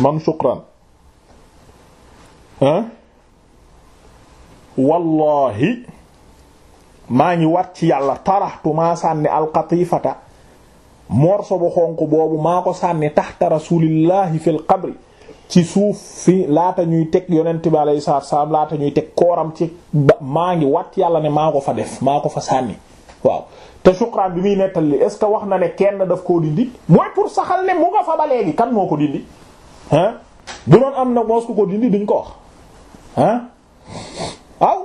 man suqran ah wallahi maa ngi wat ci yàlla taraxtu maa sànni alqatifata morso bu xonq boobu maa ko sànni taxta rasulillahi fil qabri ci suuf fi laata ñuy teg yonent bi alayhi salaatu laata ñuy teg kooram ci maa ngi wat yàlla ne maa ko fa def maa ko fa sànni waaw te suqraan bi muy nettali est ce que wax na ne kenn def koo dindi mooy pour saxal ne mu fa ba léegi kan moo ko dindi ah bu doon am na moos ku ko dindi duñ ko wax ah waaw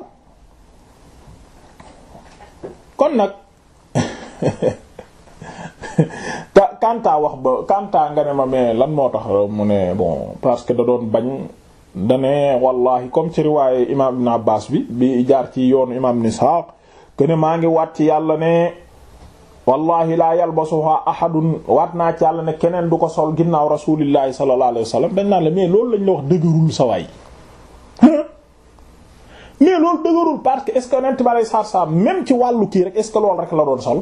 kon nag ka kantaa wax ba kantaa nga ne ma mais lan moo tax mu ne bon parce da doon bañ dane wallahi comme ci riwaaye imam ibn Abbas bi bi jaar ci yoonu imam Nisaq que ne maa ngi waat yàlla ne wallahi laa yalbasuha ahadun waat naa ci yàlla ne keneen du ko sol ginnaaw rasulillahi sallallahu alayhi wa sallam dañ naan la mais loolu lañ la wax dëgërul sa waay mais loolu dëgërul parce que est-ce que yonent bi alayhi salaatu salaam même ci wàllu kii rek est-ce que loolu rek la doon sol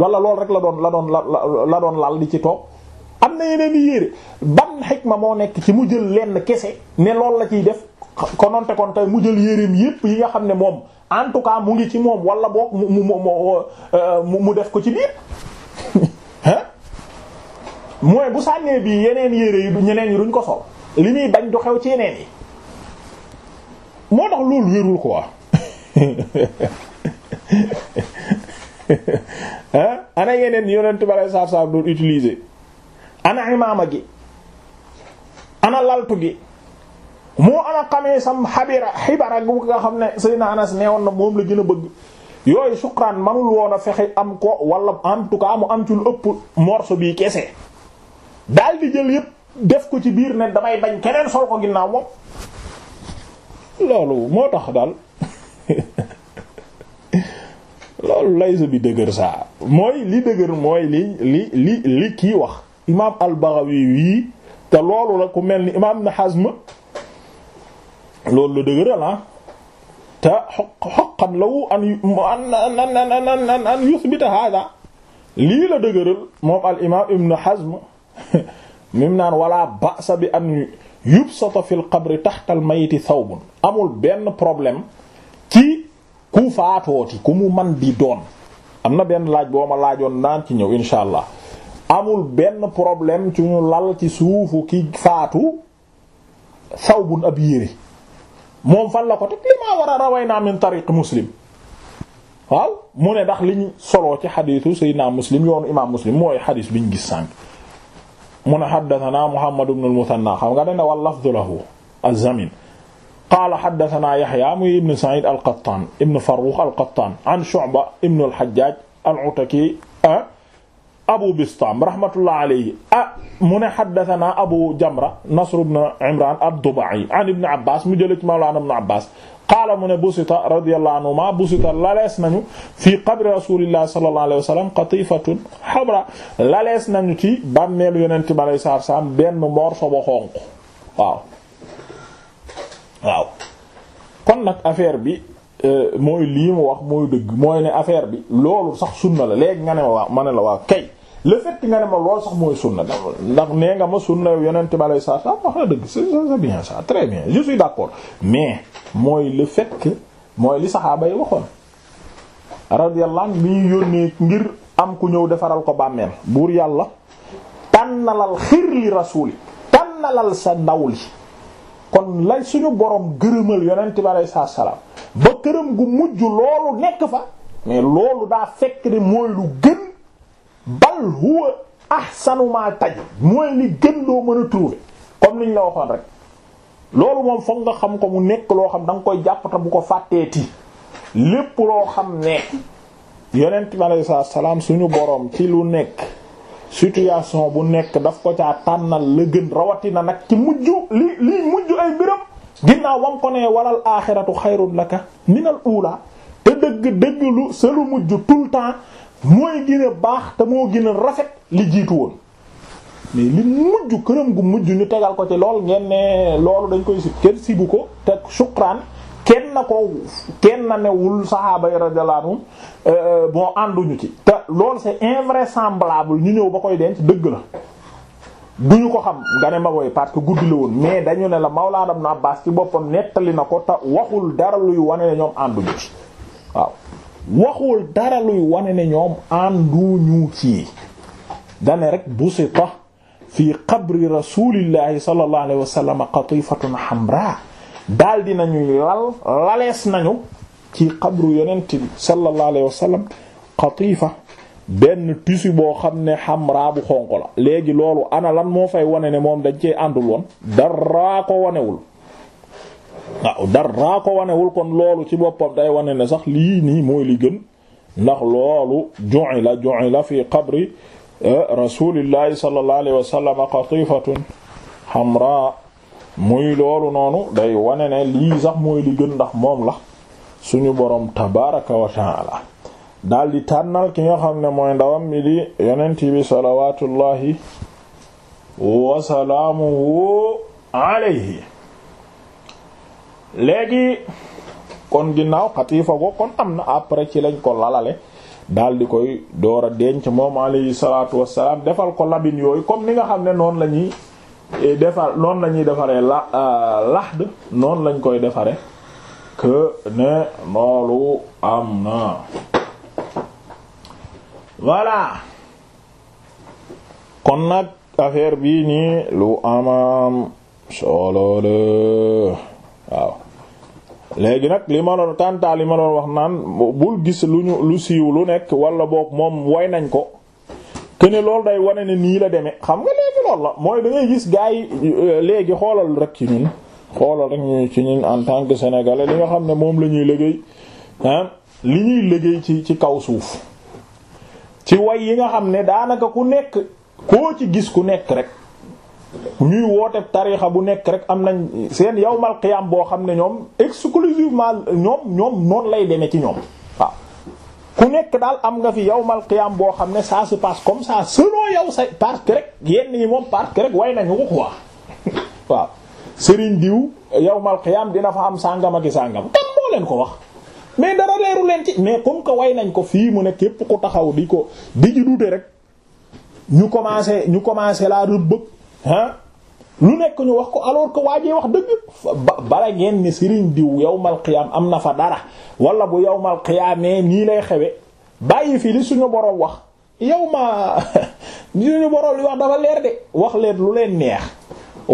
wala loolu rek la doon la doon la doon lal di ci toog am na yeneen i yére ban xikma moo nekk ci mu jël lenn kese ne loolu la ciy def kononte kon tey mu jël yéreem yépp yi nga xam ne moom en tout cas mu ngi ci moom wala boog mu mu mu euh, def ko ci biir hein mooy bu sànnee bi yeneen yére yi ñeneen yi duñ ko sol li muy bañ du xew ci yeneen yi moo tax loolu wérul quoi hein ana yeneen yonent bale saab saab doon utiliser ana imaama gi ana laltu gi moo ana xamee sam xabira xibara gu nga xam ne Seydina Anas neewoon na moom la gën a bëgg yooyu suqraan manul woon a fexe am ko wala en tout cas mu am ci ëpp morceau bii kese daal di jël yépp def ko ci biir ne damay bañ keneen sol ko ginnaaw moom loolu moo tax daal loolu laysa bi dëgër saa mooy li dëgër mooy li li li li kii wax imaam al-Baghawi wii te loolu la ku mel ni imaam Ibn Hazm loolu la dëgëral ah te xoqan lawu an an an an an an yuthbita hada lii la dëgëral moom al imaam Ibn Hazm mim naan wala an yubsata fil qabri tahta al thawbun amul benn problème ci ku faatooti ku mu man doon am na benn laaj boo ma laajoon naan ci ñëw insha allah amul benn problème ci lal ci suufu ki faatu thawbun ab yére moom fan la ko teg li maa war a raway naa min tariq muslim waaw mu ne ndax liñ soloo ci xadiisu sayyidina muslim yoonu imaam muslim mooy xadiis biñ gis sànq mu ne xaddatanaa muhammad ibn al-muthanna xam nga dane wal lafdu lahu az-zamin qaala xaddatanaa yaxya muy ibn sa'id al-qattan ibn farrukh al-qattan an shu'ba ibn al-hajjaj al-utaki ah, abu bistaam rahmatullah alayhi ah mu ne xaddatanaa abu jamra nasr ibn imran ad-dubai an ibn abbas mu jële ci mawlaana ibn abbas qaala mu ne busita radiyallahu anhuma busita lalees nañu fii qabri rasulillahi sallallahu alayhi wa sallam qatifatun xabra lalees nañu ci bàmmeelu yonente bi alayhi salaatu wa salaam morso bu xonq waaw waaw kon nag affaire bi euh, mooy lii mu wax mooy dëgg mooy ne affaire bi loolu sax sunna la léegi nga ne ma kay le fait nga ne ma lool sax mooy sunna ndax nee nga ma sunna yow bi alayhi salaam wax na dëgg c'est c'est bien ça très bien je suis d'accord mais mooy le fait mooy li saxaaba yi waxoon radiyallahu anhu bi ñu yónnee ngir am ku ñëw defaral ko bàmmeel buur yàlla tànnalal xir li rasuuli tànnalal sa ndaw li kon lay suñu borom gërëmal yonent bi alayhi salaatu salaam ba këram gu mujj loolu nekk fa mais loolu daa fekk ne mooy lu gën bal huwa ahsanu ma taj mooy li gën doo mën a trouver comme liñ la waxoon rek loolu moom foog nga xam ko mu nekk loo xam da nga koy jàpp bu ko fàttee ti lépp loo xam ne yonent bi alayhi salaam suñu boroom ci lu nekk situation bu nekk daf ko caa tànnal la gën rawatina nag ci mujj li li mujj ay mbiram ginnaaw wam ko ne walal aaxiratu xayrun laka minal uulaa te dëgg dëgg lu sa lu mujj tout le temps mooy gën baax te moo gën rafet li jiitu woon mais li mujj këram gu mujj ñu tegal ko ci lool ngeen ne loolu dañ koy si kenn sibu ko te suqraan kenn na ko kenn newul saxaaba yi radiyallahu anhum euh, bon ànduñu ci. te loolu c'est invraisemblable ñu ñëw ba koy denc dëgg la duñu ko xam nga ne ma koy parce que guddi la woon mais dañu ne la laa Ibn Abbaas ci boppam nettali na ko te waxul dara luy wane ne ñoom ànduñu ci waaw. waxuwul dara luy wane ne ñoom ànduñu ci dane rek busita fi qabri rasulillahi sallallahu alayhi wa sallam qatifatun hamra daal dinañuy lal lalees nañu ci qabru yonent bi sallallahu alayhi wa sallam benn tissu boo xam ne hamra bu xonq la léegi loolu ana lan moo fay wane ne moom dañ cee àndul woon daraa ko wanewul waaw dara ko wanewul kon loolu ci boppam day wane ne sax lii nii mooy li gën ndax loolu ju'ila ju'ila fi qabri eh, rasulillahi sallallahu alayhi wa sallam qatifatun hamra muy loolu noonu day wane ne lii sax mooy li gën ndax moom la suñu borom tabaraka wa daal di tànnal ki nga xam ne mooy ndawam bi di yonent bi salawatullahi wa salaamuhu alayhi léegi kon ginnaaw xatiifa go kon am na après ci lañ ko lalale daal di koy door a denc moom alayhi salaatu wassalaam defal ko labin yooyu comme ni nga xam ne noonu la ñuy eh, defar noonu la ñuy defaree la euh, laxd noonu lañ koy defare que ne loolu am na voilà kon nag affaire bii nii lu amaam solo la waaw léegi nag li ma doon tàntaa li ma doon wax naan bul gis lu ñu lu siiw lu nekk wala boog moom way nañ ko kene loolu day wane ne nii la demee xam nga léegi loolu la mooy dangay gis gars yi euh, léegi xoolal rek ci ñun xoolal rek ñu ci ñun en tant que sénégalais li nga xam ne moom la ñuy liggéey li ñuy liggéey ci ci kaw suuf ci way yi nga xam ne daanaka ku nekk koo ci gis ku nekk rek ñuy woote tariixa bu nekk rek am nañ seen yawmal qiyaam boo xam ne ñoom exclusivement ñoom ñoom noonu lay demee ci ñoom waaw ku nekk daal am nga fi yawmal qiyaam boo xam ne ça se passe comme ça selon yow sa parce que rek yenn yi moom parce que rek way nañu ko quoi waaw Serigne diw dina fa am sàngam ak sàngam tam ko wax mais dara leeru leen mais comme que way nañ ko fii mu ne képp ku taxaw di ko di ji dute rek ñu commencé ñu commencé la rëbb ah lu nekk ñu wax ko alors que waajee wax dëgg bala ngeen ni sëriñ diw yowmal qiyaam am na fa dara walla bu yowmal qiyaamee nii lay xewe bàyyi fii li suñu boroom wax yow ma li suñu boroom li wax dafa leer de wax leen lu leen neex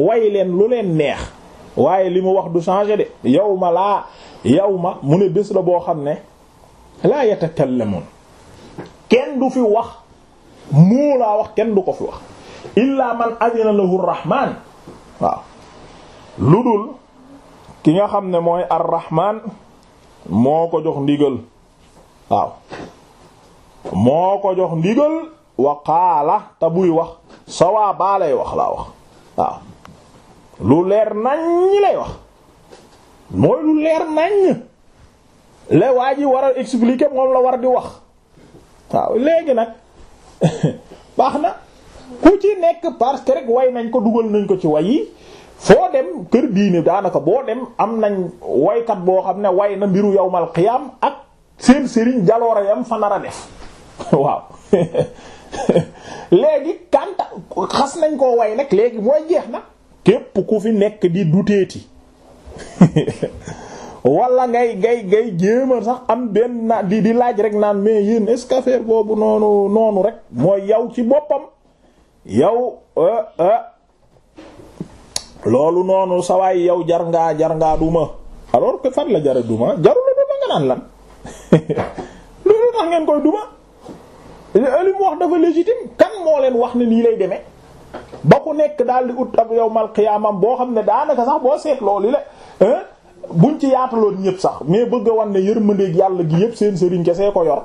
way leen lu leen neex waaye li mu wax du changer de yow ma laa yow ma mu ne bés la boo xam ne laa yatakallamun kenn du fi wax moo laa wax kenn du ko fi wax illaa man adina lahu rahmaan waaw lu dul ki nga xam ne mooy ar moo ko jox ndigal waaw moo ko jox ndigal wa qaala te buy wax sawaa baa wax laa wax lu leer naññ lay wax mooy lu leer naññ la waa ji war a expliquer moom la war di wax waaw léegi nag baax na ku ci nekk parce que rek way nañ ko dugal nañ ko ci way yi foo dem kër diine daanaka boo dem am nañ waykat boo xam ne way na mbiru yow yawmal qiyaam ak seen sëriñ jaloore yam fa nar def waaw léegi kanta xas nañ koo way nag léegi mooy jeex na képp ku fi nekk di duteeti wala ngay ngay ngay jéema sax am benn na di di laaj rek naan mais yéen est boobu noonu noonu rek mooy yow ci boppam yow eh, eh. loolu noonu sawaay yow jar ngaa jar duma alors que fan la jare duma jaru la duma nga naan lan loolu tax ngeen koy duma li mu wax dafa légitime kan moo leen wax ne nii lay demee ba ku nekk daal di ut ab yawmal qiyaamam boo xam ne daanaka sax boo seet loolu la eh, buñ ci yaataloon ñëpp sax mais bëgg a wan ne yërmandeeg yàlla gi yëpp seen sëriñ kese ko yor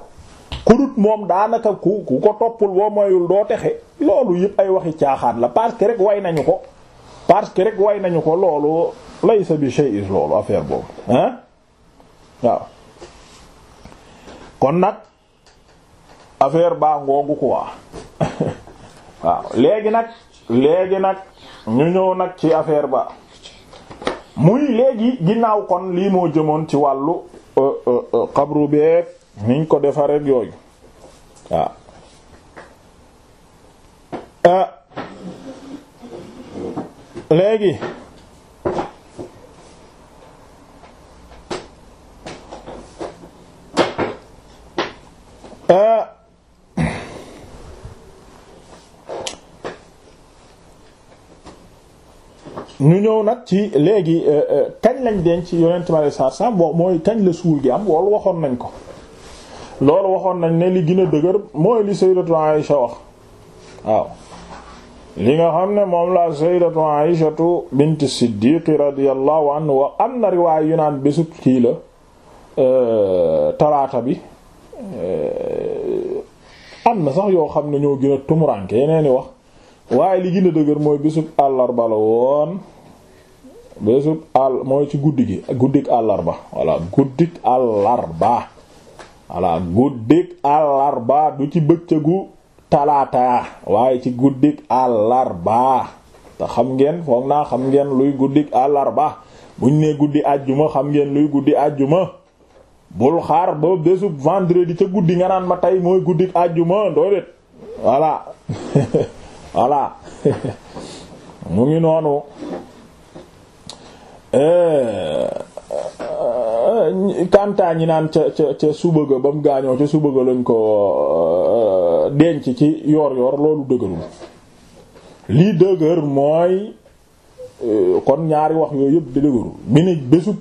xudut moom daanaka ku ku ko toppul boo moyul doo texe loolu yëpp ay waxi caaxaan la parce que rek way nañu ko parce que rek way nañu ko loolu laysa bi shay'is loolu affaire boobu hein waaw kon nag affaire baa ko quoi waaw léegi nag léegi nag ñu ñëw nag ci affaire ba muy léegi ginnaaw kon lii moo jëmoon ci wàllu euh, euh, euh, xabru beek niñ ko defaree rek yooyu waaw ah léegi ah ñu ñëw nag ci léegi eh, eh, kañ lañ denc yonent ma le sar sa mooy kañ la suul gi am loolu waxoon nañ ko loolu waxoon nañ ne li gën a dëgër mooy li sayyidatu Aïsha wax waaw li nga xam ne moom la sayyidatu Aïshatu bint Siddiq radiyallahu anha wax am na riwaay yu naan bésub kii la euh, talaata bi euh, am na sax yoo xam ne ñoo gën a yeneen i wax waaye li gën a dëgër mooy bésub àllarba la woon bésub àll mooy ci guddi gi guddik àllarba voilà guddik àllarba voilà guddik àllarba du ci bëccëgu talaata waaye ci guddik àllarba te xam ngeen foog naa xam ngeen luy guddik àllarba buñ ne guddi àjjuma xam ngeen luy guddi àjjuma bul xaar ba bésub vendredi ca guddi nga naan ma tey mooy guddik àjjuma dooleet voilà voilà mu ngi noonu eh. Euh, kantaa ñi naan ca ca ca suba ga ba mu gaañoo ca suba ga lañ ko euh, denc ci yoor yoor loolu dëgërul lii dëgër mooy euh, kon ñaari wax yooyu yëpp di dëgërul mi ni bésu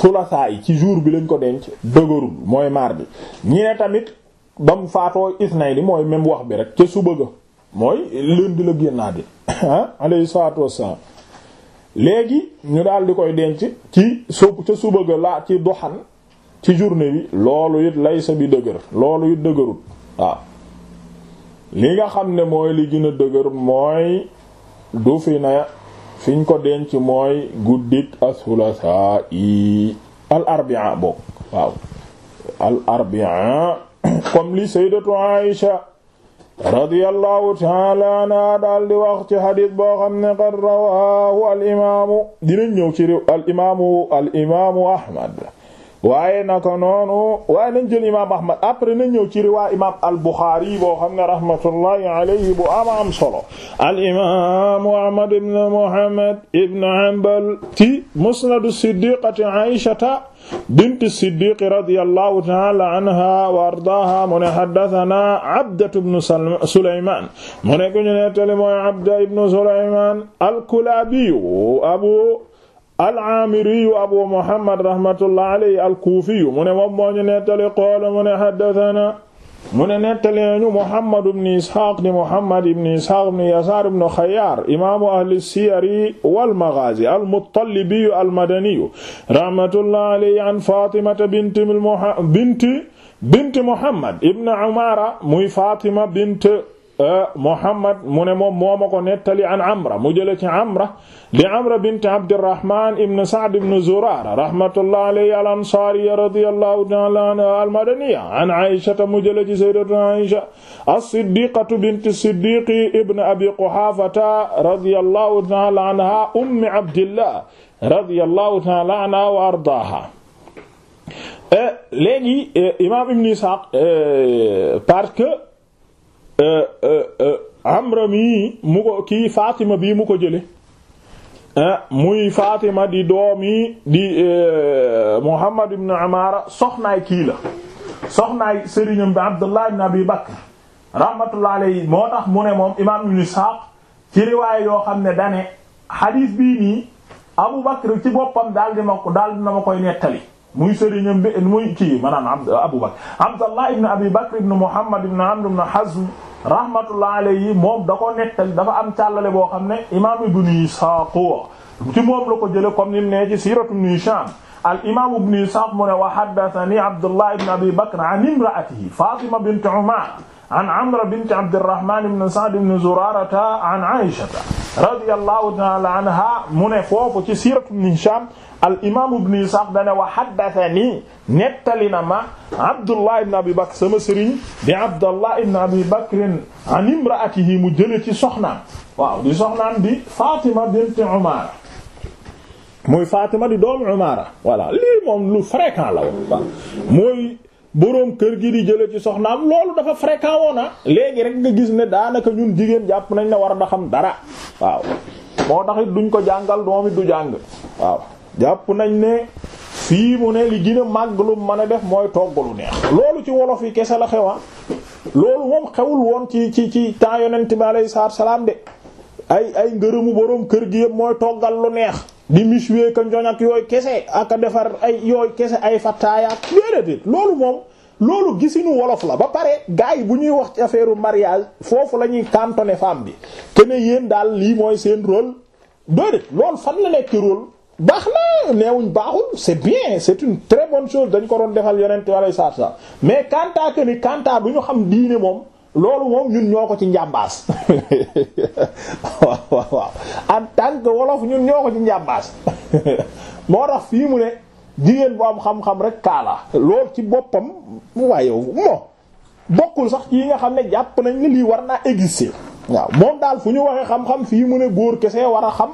sulasaa yi ci jour bi lañ ko denc dëgërul mooy mardi ñi ne tamit ba mu faatoo isnay ni mooy même wax bi rek ca suba ga mooy lundi la génnaat di ah alayhi salaatu wassalaam léegi ñu daal di koy denc ci sub ca suba ga laa ci doxan ci journée bi loolu it lay sa bi dëgër loolu it dëgërut waaw li nga xam ne mooy li gën a dëgër mooy du fi na fiñ ko denc mooy guddik asulasa yi al arbia bokk waaw al arbia comme li sayyidatu Aïsha radiyallahu taala anha daal di wax ci xadis boo xam ne qad rawaahu al imaamu dinañ ñëw ci al imaamu al imaamu Ahmad waaye naka noonu waaye nañ jël imaam ahmad après nañ ñëw ci riwaa imaam al buxaari boo xam ne rahmatullahi alayhi bu ama am solo al imaamu ahmad ibn muhammad ibn hanbal ci musnadu siddiqati aishata bint siddiqi radiyallahu taala anha wa ardaha mu ne haddathana abdatu ibn sulayman mu ne ku ñu nettali mooy abda ibn sulayman al kulaabi abu al-Aamiriyu abu Muhammad rahmatullahi alayhi al-Kuufiyu mu ne moom moo ñu nettali qaala mu ne haddasanaa mu ne nettali ñu Muhammad ibn Ishaaq di Muhammad ibn Ishaaq ibn Yasaar ibn Xayyaar imaamu ahli siyari wal maghaazi al-Muttalibiyu al-Madaniyu rahmatullahi alayhi an Faatimata binti binti binti Muhammad ibn Umaara muy Faatima bint Euh, Muhammad mu ne moom moo ma ko nettali an Amra mu jëlee ci Amra di Amra bint Abdirrahman ibn Sa'd ibn Zurara rahmatullah alayhi al-Ansariya radiyallahu ta'ala anha al-Madaniya an Aisha mu jëlee ci sayyidatuna Aisha as-Siddiqatu bint as-Siddiq ibn Abi Quhafata radiyallahu ta'ala anha ummi Abdillah radiyallahu ta'ala anha wa ardaha euh, léegi euh, imam Ibn Ishaq parce que Euh, euh, euh, Amra mi mu ko kii Fatima mu ko jële ah, muy Fatima di doomi di Muhammad ibn Amara soxnaay kii la soxnaay sëriñam bi Abdullah ibn Abi rahmatullah alayhi moo tax mu ne moom imaam Ibn Ishaq ci riwaay yoo xam ne dane xadiis bii nii Abu ci boppam daal di ma ko daal dina ma koy nettali muy sëriñam bi muy kii maanaam Abu Bakr Abdallah ibn Abi Bakr ibn Muhammad ibn Amr ibn Hazm rahmatullah alayhi moom da ko nettali dafa am càllale boo xam ne imaam Ibn Isaaq ci moom la ko jële comme ni mu nee ci siiratu Ibn Hishaam al imaam Ibn Isaaq mu ne wa haddathanii Abdallah ibn Abi Bakr an imra'atihi Faatima bint Umaar an amra bint abdirahman ibn saad ibn zurarata an aishata radiyallahu taala anha mu ne foofu ci siiratu ibn hisham al imam ibn ishaq dane wa haddathani nettali na ma abdullah ibn abi bakr sama sëriñ di abdullah ibn abi bakrin an imraatihi mu jële ci soxnaam waaw di soxnaam di fatima bint umara muy fatima di doomu umara voilà lii moom lu fréquent la woon mooy boroom kër gi di jële ci soxnaam loolu dafa fréquent woona léegi rek nga gis ne daanaka ñun jigéen jàpp nañ ne war na xam dara waaw moo taxit duñ ko jàngal doom du jàng waaw jàpp nañ ne fii mu ne li gën màgg lu mën a def mooy togg lu neex loolu ci wolof yi kese la xewa ah. loolu moom xewul woon ci ci ci temps yonent bi alayhi salaam de ay ay ngërëmu boroom kër gi yëpp mooy toggal lu neex di miswee ka njoñ ak yooyu kese aka defar ay yooyu kese ay fattaayaak déedéet loolu moom loolu gisinu wolof la ba pare gars yi bu ñuy wax ci affaire mariage foofu la ñuy cantonné femme bi te ne yéen daal lii mooy seen rôle déedéet lool fan la nekk rôle baax na neewuñ baaxul c'est bien c'est une très bonne chose dañ ko doon defal yeneen wala saat saab mais quant à que ni quant à ñu xam diine moom loolu moom ñun ñoo ko ci njàmbaas waaw waaw waaw en tant wolof ñun ñoo ko ci njàmbaas moo tax fii mu ne jigéen bu am xam-xam rek kaalaa loolu ci boppam waaye moo bokkul sax yi nga xam ne jàpp nañ lii war naa exister waaw moom daal fu ñu waxee xam-xam fii mu ne góor kese war a xam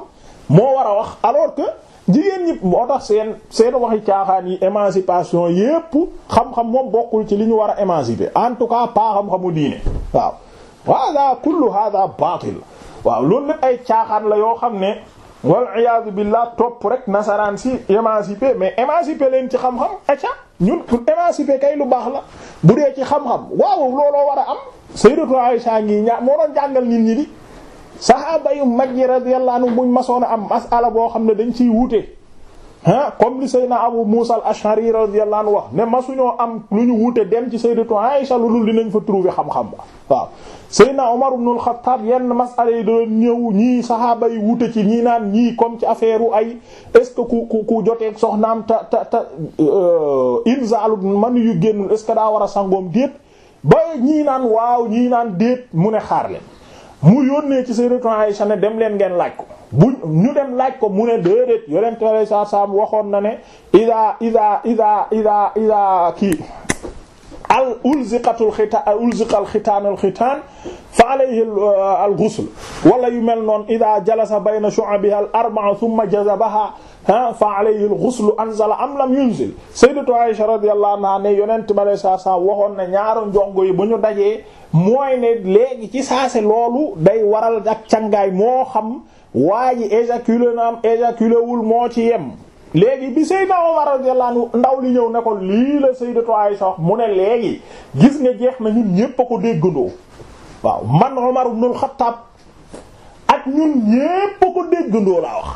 moo war a wax alors que. jigéen ñi moo tax seen seen waxi caaxaan yi émancipation yépp xam-xam moom bokkul ci li ñu war a émanciper en tout cas pas xam-xamu diine waaw hada kullu hada baatil waaw loolu lépp ay caaxaan la yoo xam ne wal iyaadu billah topp rek nasaraan si émanciper mais émanciper leen ci xam-xam acca ñun pour émanciper kay lu baax la bu dee ci xam-xam waaw looloo war a am sayyidatu Aisha ngi ñaa moo doon jàngal nit saxaaba yu mag yi radiyallahu anhu buñ masoon a am masala boo xam ne dañ ciy wute ah comme li Seydina Abu Musa al-Ash'ari radiyallahu anhu wax ne masuñoo am ñu wute dem ci Sayyidatu Aisha lu dul dinañ fa trouver xam-xam ba waaw Seydina Umar ibn al-Khattab yenn masala yi doon ñëw ñii saxaaba yi wute ci ñii naan ñii comme ci affaire ay est-ce que ku ku ku joteeg soxnaam ta ta ta euh, inzaalu man yu génnul est-ce que daa war a sangoom déet ba ñii naan waaw ñii naan déet mu ne xaar leen mu yónnee ci sayyidatu Aisha ne dem leen ngeen laaj ko bu ñu dem laaj ko mu ne déedéet yonent alayhi salaam waxoon na ne ida ida ida ida ida kii al ulziqatul xitaan ulziqal xitaanul xitaan fa alayhi al euh, ghusl wala yu mel noonu ida jalasa bayna shu'abiha al arba'a thumma jazabaha fa alayhi al ghusl anzala am lam yunzil sayyidatu Aisha radiyallahu anha ne yonent alayhi salaam waxoon na ñaari njongo yi bu ñu dajee mooy ne léegi ci saase loolu day waral ak cangaay moo xam waa ji éjaculé na am éjaculé wul moo ci yem léegi bi Seydina Omar radiyallahu ndaw li ñëw ne ko lii la Sayyidatu Aisha wax mu ne léegi gis nga jeex na ñun ñépp a ko déggandoo waaw man la ibn al-Khattab ak ñun ñépp a ko déggandoo laa wax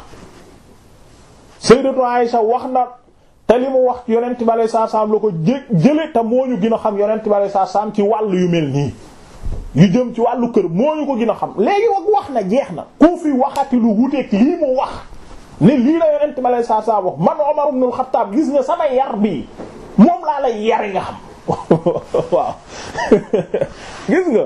Sayyidatu Aisha wax na te li wax yonent bi alayhi salaam la ko jé jële te moo ñu gën a xam yonent bi sa salaam ci wàll yu mel nii yu jëm ci wàllu kër moo ko gën a xam léegi wag wax na jeex na ku fi waxati lu wuteeg lii mu wax ne lii la yonent ma lay saa saa wax man Umar ibn al-Khattab gis nga sama yar bi moom laa lay yar nga xam waaw gis nga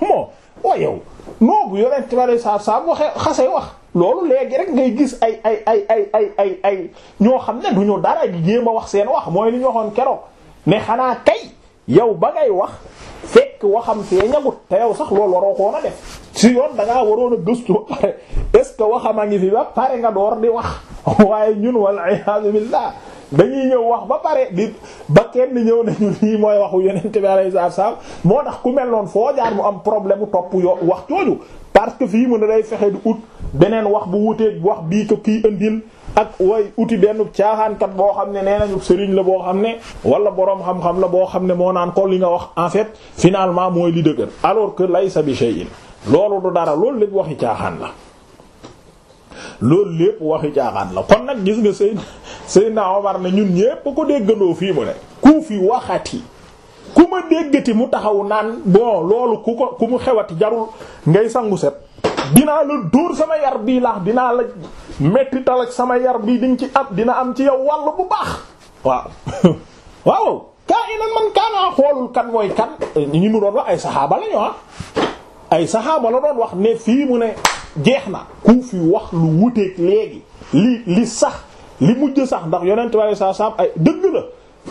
moom waa yow noo bu yonent ma lay saa saa waxee xasee wax loolu léegi rek ngay gis ay ay ay ay ay ay ay ñoo xam ne du ñu dara gi jéem a wax seen wax mooy li ñu waxoon keroog mais xanaa kay. yow ba ngay wax fekk waxam see ñagut te yow sax loolu waroo koon a def si yoon da waroon a gëstu ba pare est que waxam a ngi fi ba pare nga door di wax waaye ñun wala iyaadu billah dañuy ñëw wax ba pare di ba kenn ñëw nañu lii mooy waxu yeneen bi alayhi salaam moo tax ku mel noonu foo jaar mu am problème mu topp yo wax jooju parce fii mu a day fexe du ut beneen wax bu wuteeg wax bii ko kii andil. ak way uti benn caaxaankat boo xam ne nee nañu sëriñ la boo xam ne wala boroom xam-xam la boo xam ne moo naan ko li nga wax en fait finalement mooy li dëgër alors que laysa bi shay'in loolu du dara loolu lépp waxi caaxaan la loolu lépp waxi caaxaan la kon nag gis nga sëy naa Omar na ñun ñépp ko déggandoo fii mu ne ku fi waxati ku ma déggati mu taxaw naan bon loolu ku ko ku mu xewati jarul ngay sangu set dinaa la dóor sama yar bii laax dinaa la metti tal ak sama yar bii diñ ci ab dina am ci yow wàll bu baax waaw waaw kaa inan man kaanaa xoolul kan mooy kan eh, ñi mu doon wax ay saxaaba lañu ah ay saxaaba la doon wax ne fii mu ne jeex na ku fi wax lu wuteeg léegi li li sax li mujj sax ndax yonent waaye saa saam ay dëgg la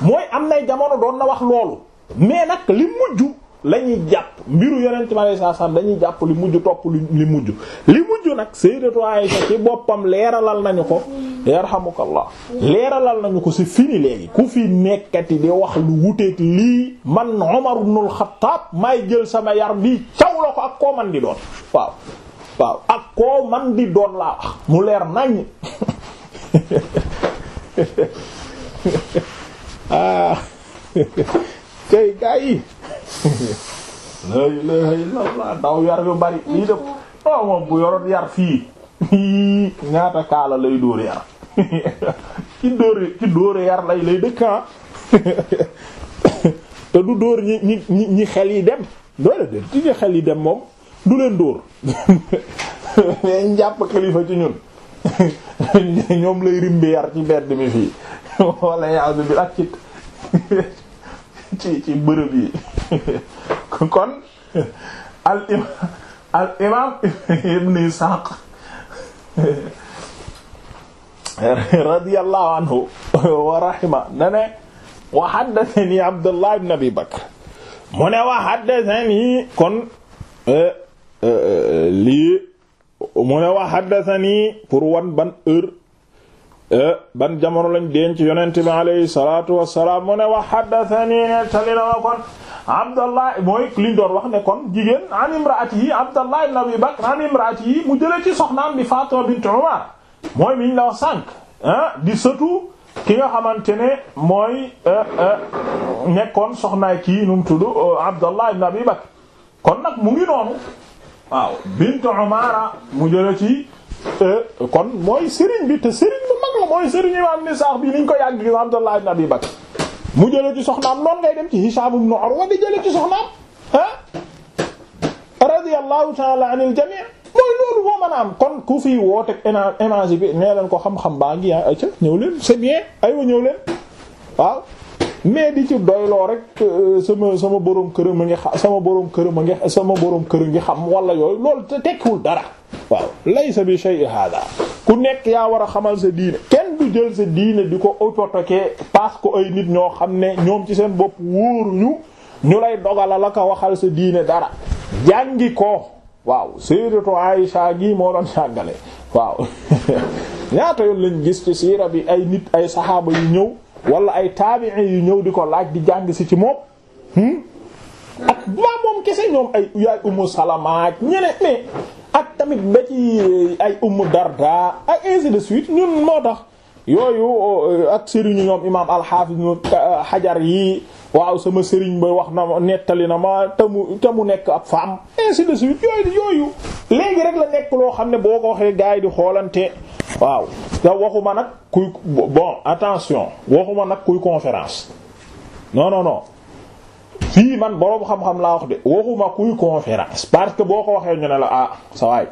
mooy am nay jamono doon na wax loolu mais nag li mujj la jàpp mbiru yonent bi alayhi salaam dañuy jàpp li mujj topp li mujj li mujj nag sayyidatu Aisha ci boppam leeralal nañu ko yarhamukallah leeralal nañu ko si fini léegi ku fi nekkati di wax lu wuteeg lii man Umar ibn al may jël sama yar bi caw la ko ak koo man di doon waaw waaw ak koo man di doon laa wax mu leer nañ ah kay gars yi la ilaha illallah daw yar yu bari lii def o moom bu yoroon yar fii ñaata kaala lay dóor yar ci dóore ci dóore yar lay lay dëkkan ah. te du dóor ñi ñi ñi xel yi dem doole de ci ñi xel yi dem moom du leen dóor leen jàpp kilifa ci ñun ñoom lay rimbi yar ci bedd mi fii wala yaasu bi ak ci ci ci bërëb yi kon al imam al imam ibn Isaaq radiyallahu anhu wa rahima dane wa haddathani Abdullah ibn Abi Bakr mu ne wa haddathani kon e, e, e, lii mu ne wa haddathani pour wan ban heure Euh, ban jamono lañ denc yonent bi alayhi salaatu wassalaam mu ne wa haddathani nettali na ma mooy liñ doon wax ne kon jigéen an imraatihi Abdallah ibn Abi Bakr an imraatihi mu jëlee ci soxnaam bi Fatima bint Umar mooy miñ la wax sànq ah ki nga xamante ne mooy euh, euh, nekkoon soxnaay kii nu mu tudd Abdallah kon nag mu ngi noonu waaw bint Umara mu Euh, kon mooy sëriñ bi te sëriñ bu mag la mooy sëriñ imam ni saax bi liñ ko yàgg gis Abdallah ibn Abi Bakr mu jële ci soxnaam noonu ngay dem ci Hisham ibn Urwa di jële ci soxnaam ah radiyallahu ta'ala anil jami' mooy loolu moo mën a am kon ku fi woote émangé bi nee leen ko xam-xam baa ngi ah aca ñëw leen c'est bien aywa ñëw leen waaw mais di ci doyloo rek euh, sama sama boroom kër ma ngi xam sama borom kër ma ngi sama borom kër ngi xam wala yooyu loolu te tekkiwul dara waaw laysa bi shay'i hada ku nekk yaa war a xamal sa diine kenn du jël sa diine di ko autotoqué parce que ay nit ñoo xam ne ñoom ci seen bopp wóoruñu ñu lay dogala la ko waxal sa diine dara jàngi ko waaw sayyidatu Aisha gi moo doon jàngale waaw ñaata yoon lañ gis ci siira bi ay nit ay saxaaba yu ñëw wala ay taabi'in yu ñëw di ko laaj di jàng si ci moom hmm? ak maa moom kese ñoom ay yaay ummu salama ak ñeneen ak tamit ba ci ay ummu darda ak ainsi de suite ñun moo tax yooyu ak sëriñu ñoom imaam al-Hafiz Hajar yi waaw sama sëriñ ba wax na ma nettali na ma te mu te mu nekk ab faam ainsi de suite yooyu yooyu léegi rek la nekk loo xam ne boo ko waxee gars yi di xoolante waaw te waxuma nag kuy bon attention waxuma nag kuy conférence non non non fii man boroom xam-xam laa wax de waxuma kuy conférence parce que boo ko waxee ñu ne la ah sa waay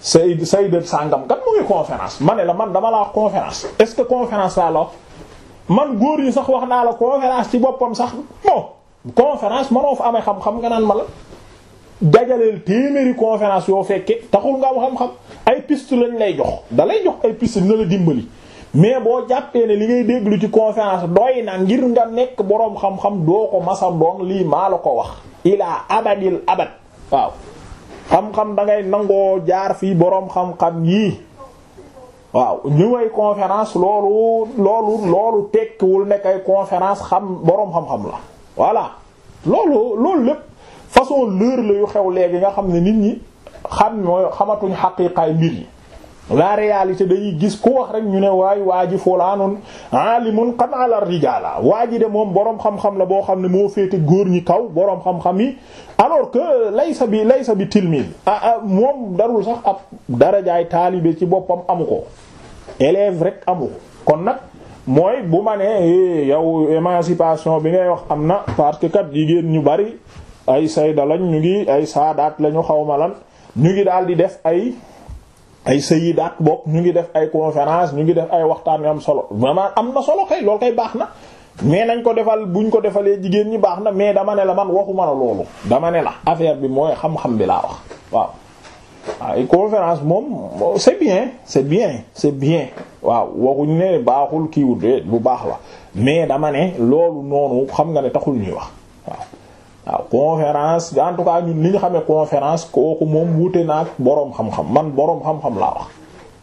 say say de sàngam kat mu ngi conférence ma ne la man dama la wax conférence est-ce que conférence laa la man góor yi sax wax naa la conférence ci boppam sax bon conférence manoo fa amee xam-xam nga naan ma la dajaleel téeméeri conférence yoo fekke taxul nga am xam-xam ay piste lañ lay jox da lay jox ay piste dina la dimbali mais boo jàppee ne li ngay déglu ci conférence doy na ngir nga nekk boroom xam-xam doo ko masa doon lii maa la ko wax ilaa abadil abad waaw xam-xam da ngay nangoo jaar fii boroom xam-xam yii waaw ñu ay conférence loolu loolu loolu tekkiwul nekk ay conférence xam boroom xam-xam la voilà loolu loolu lépp façon leer la yu xew léegi nga xam ne nit ñi xam mooy xamatuñ xaqiiqaay mbir yi la réalité dañuy gis ku wax rek ñu ne waay waa ji fulaanun alimun qad ala rijala waa ji de moom boroom xam-xam la boo xam ne moo féete góor ñi kaw boroom xam-xam yi alors que laysa bi laysa bi tilmid ah, ah moom darul sax ab darajaay taalibe ci boppam amu ko élève rek amu kon nag mooy bu ma nee eh, yow émancipation bi ngay wax am na parce que kat jigéen ñu bari ay sayda lañ ñu ngi ay saadaat lañu xaw ma lan ñu ngi daal di def ay. ay sayidaat bokk ñu ngi def ay conférence ñu ngi def ay waxtaan yu am solo vraiment am na solo kay loolu kay baax na mais nañ ko defal buñ ko defalee jigéen ñi baax na mais dama ne la man waxuma la loolu dama ne la affaire bi mooy xam-xam bi laa wax waaw ay conférence moom c'est bien c'est bien c'est bien waaw waxuñ ne baaxul kiiwut bu baax la mais dama ne loolu noonu xam nga ne taxul ñuy wax waaw conférence en tout cas ñun li ñu xamee conférence kooku moom wute naak boroom xam-xam man boroom xam-xam laa wax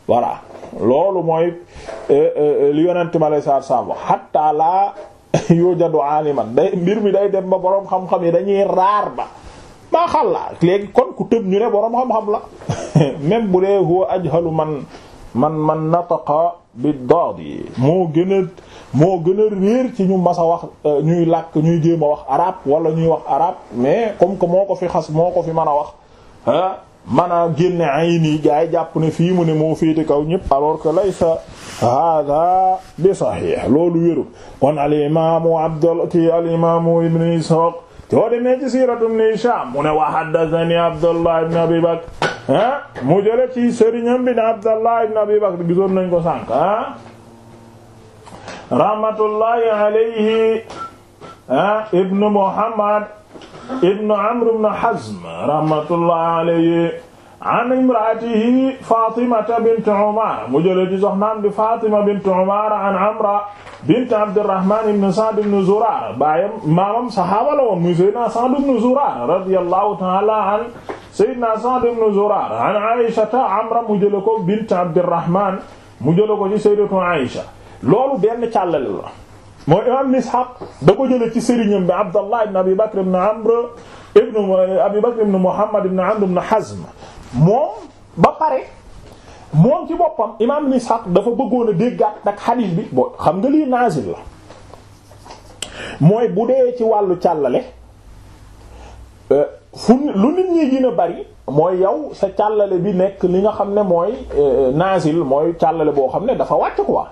voilà loolu mooy euh, euh, euh, li yonent ma lay saar saam wax xatta laa yoo jadu aliman day mbir mi day dem ba boroom xam-xam yi dañuy raar ba maa xal la léegi kon ku tëb ñu boroom xam-xam la même bu dee huwa ajhalu man man man nataqa bi daad yi moo gën a moo ci ñu mas a wax euh, ñuy làkk ñuy jéem a wax arab wala ñuy wax arab mais comme que moo ko fi xas moo ko fi mën a wax ah man a génne ay nii gaa yi jàpp ne fii mu ne moo féete kaw ñëpp alors que laysa hada bi sahih loolu wérul kon al imaamu abdul soo demee ci siiratu ibn Hishaam mu ne wa haddathani Abdullah ibn Abi Bakr mu jële ci sëriñam bi ne Abdullah ibn Abi Bakr gisoon nañ ko sànq ah rahmatullahi alayhi ah ibn Muhammad ibn Amr ibn Hazm rahmatullahi alayhi an imraatihi fatimata bint umara mu jële ci soxnaam di fatima bint umara an amra bint abdirahman ibn sa'd ibn zurara baayam maamam sahaaba la woon muy sayyidina sa'd ibn zurara radiyallahu ta'ala an sayyidina sa'd ibn zurara an aishata amra mu jële ko bint abdirahman mu jële ko ci sayyidatu aisha loolu benn càllale la mooy imam ishaq da ko jële ci sëriñam bi abdallah ibn abi bakr ibn amr ibn abi bakr ibn muhammad ibn amr ibn hazm moom ba pare moom ci boppam imaam Ibn Ishaq dafa bëggoon a déggaat nag xadiis bi boo xam nga lii naazil la mooy bu dee ci wàllu càllale euh, fu lu nit ñi gën a bari mooy yow sa càllale bi nekk li nga xam ne mooy euh, naazil mooy càllale boo xam ne dafa wàcc quoi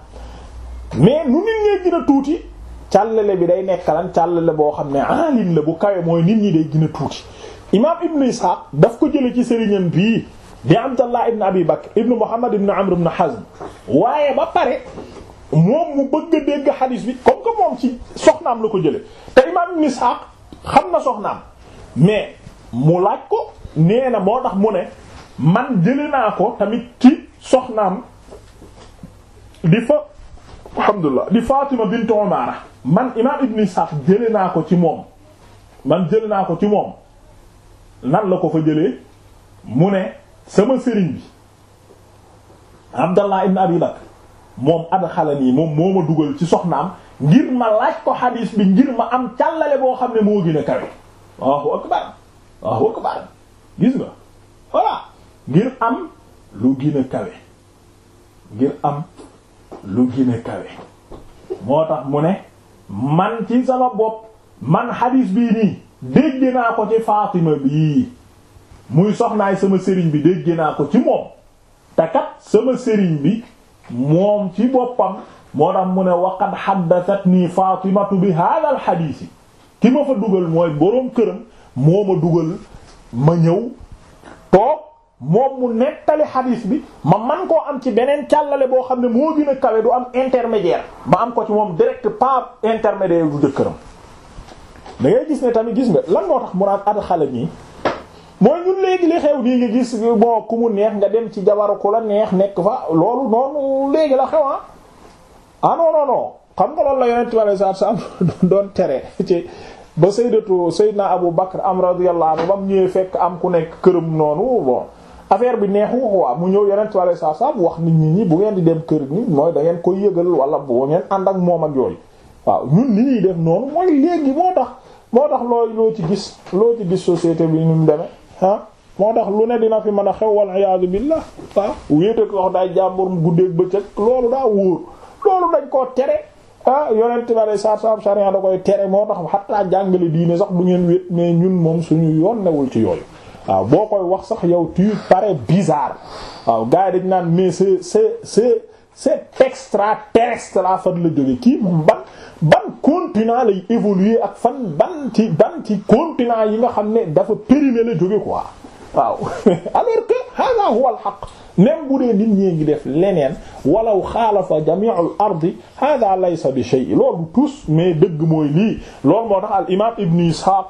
mais nu nit ñee gën tuuti càllale bi day nekk lan càllale boo xam ne alim la bu kawe mooy nit ñi day gën a tuuti imaam ibn Ishaq daf ko jële ci sëriñam bii di Abdallah ibn Abi Bakr ibn Muhammad ibn Amr ibn Hazm waaye ba pare moom mu bëgg a dégg xadiis bi comme que moom ci soxnaam la ko jële te imaam ibn Ishaq xam na soxnaam mais mu laaj ko nee na moo tax mu ne man jële naa ko tamit ci soxnaam di fa alhamdulillah di Fatima bint Umara man imaam ibn Ishaq jële naa ko ci moom man jële naa ko ci moom nan la ko fa jëlee mu ne sama sëriñ bi Abdallah ibn Abi Bakr moom adxalanii moom moo ma dugal ci soxnaam ngir ma laaj ko xadiis bi ngir ma am càllale boo xam ne moo gën a kawe Allahu akbar Allahu akbar gis nga voilà ngir am lu gën a kawe ngir am lu gën a kawe moo tax mu ne man ci sama bopp man xadiis bii nii dégg naa ko ci Fatima bii muy soxnaay sama sëriñ bi dégg naa ko ci moom te kat sama sëriñ bi moom ci boppam moo tax mu ne waqad haddathatni Fatimatu bi hadha al hadith ki ma fa dugal mooy boroom këram moo ma dugal ma ñëw toog moom mu nettali xadiis bi ma man koo am ci beneen càllale boo xam ne moo gën a kawe du am intermédiaire ma am ko ci moom direct pas intermédiaire du jëkkëram da ngay gis ne tamit gis nga lan moo tax mu naan xale nii mooy ñun léegi li xew nii nga gis bon ku mu neex nga dem ci jabaru ku la neex nekk fa loolu noonu léegi la xew ah ah xam nga loolu la yonent bi alayhi salaatu salaam doon tere ci ba sayyidatu sayyidna Abu Bakr am radiyallahu anhu ba mu ñëwee fekk am ku nekk këram noonu bon affaire bi neexu waa mu ñëw yeneen bi alayhi salaatu wax nit ñi ñi bu ngeen di dem kër gi mooy da ngeen koy yëgal wala boo ngeen ànd moom ak yooyu moo tax looy loo ci gis loo ci gis société bi ni mu demee ah, moo tax lu ne dina fi mën a xew wal iyaadu billah ah wéetak wax day jàmbur mu guddeeg bëccëg loolu daa wóor loolu dañ koo tere ah yonent bi alei satu salam sharia da koy tere moo tax xattaa jàngale diine sax du ngeen wéet mais ñun moom suñu yoon newul ci yooyu waaw boo koy wax sax yow tu paraît bizarre waaw gars yi dañ naan mais c'est c'est c'est c'est extraterrestre la la jóge kii moom ban continent lay évoluer ak fan ban ci ban ci continent yi nga xam ne dafa périmé la jóge quoi waaw alors hada huwa al haqq même bu dee nit ñee ngi def leneen walaw xaalafa jamiu al ardi hada laysa bi dëgg mooy lii loolu moo tax imam ibn ishaq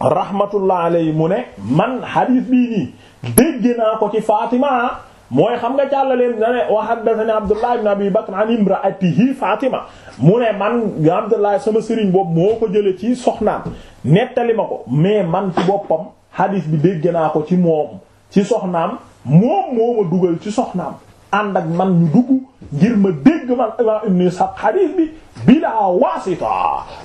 rahmatullah alayhi mu ne man hadith bii nii dégg naa ko ci fatima mooy xam nga jàllaleen dane wa haddathani abdullah ibn abi bakr an imraatihi fatima mu ne man Abdullah sama sëriñ boobu moo ko jële ci soxnaam nettali ma ko mais man ci boppam hadith bi dégg naa ko ci moom ci soxnaam moom moo ma dugal ci soxnaam ànd ak man ñu dugg ngir ma dégg man imam ibn Ishaq hadith bi bilaa waasita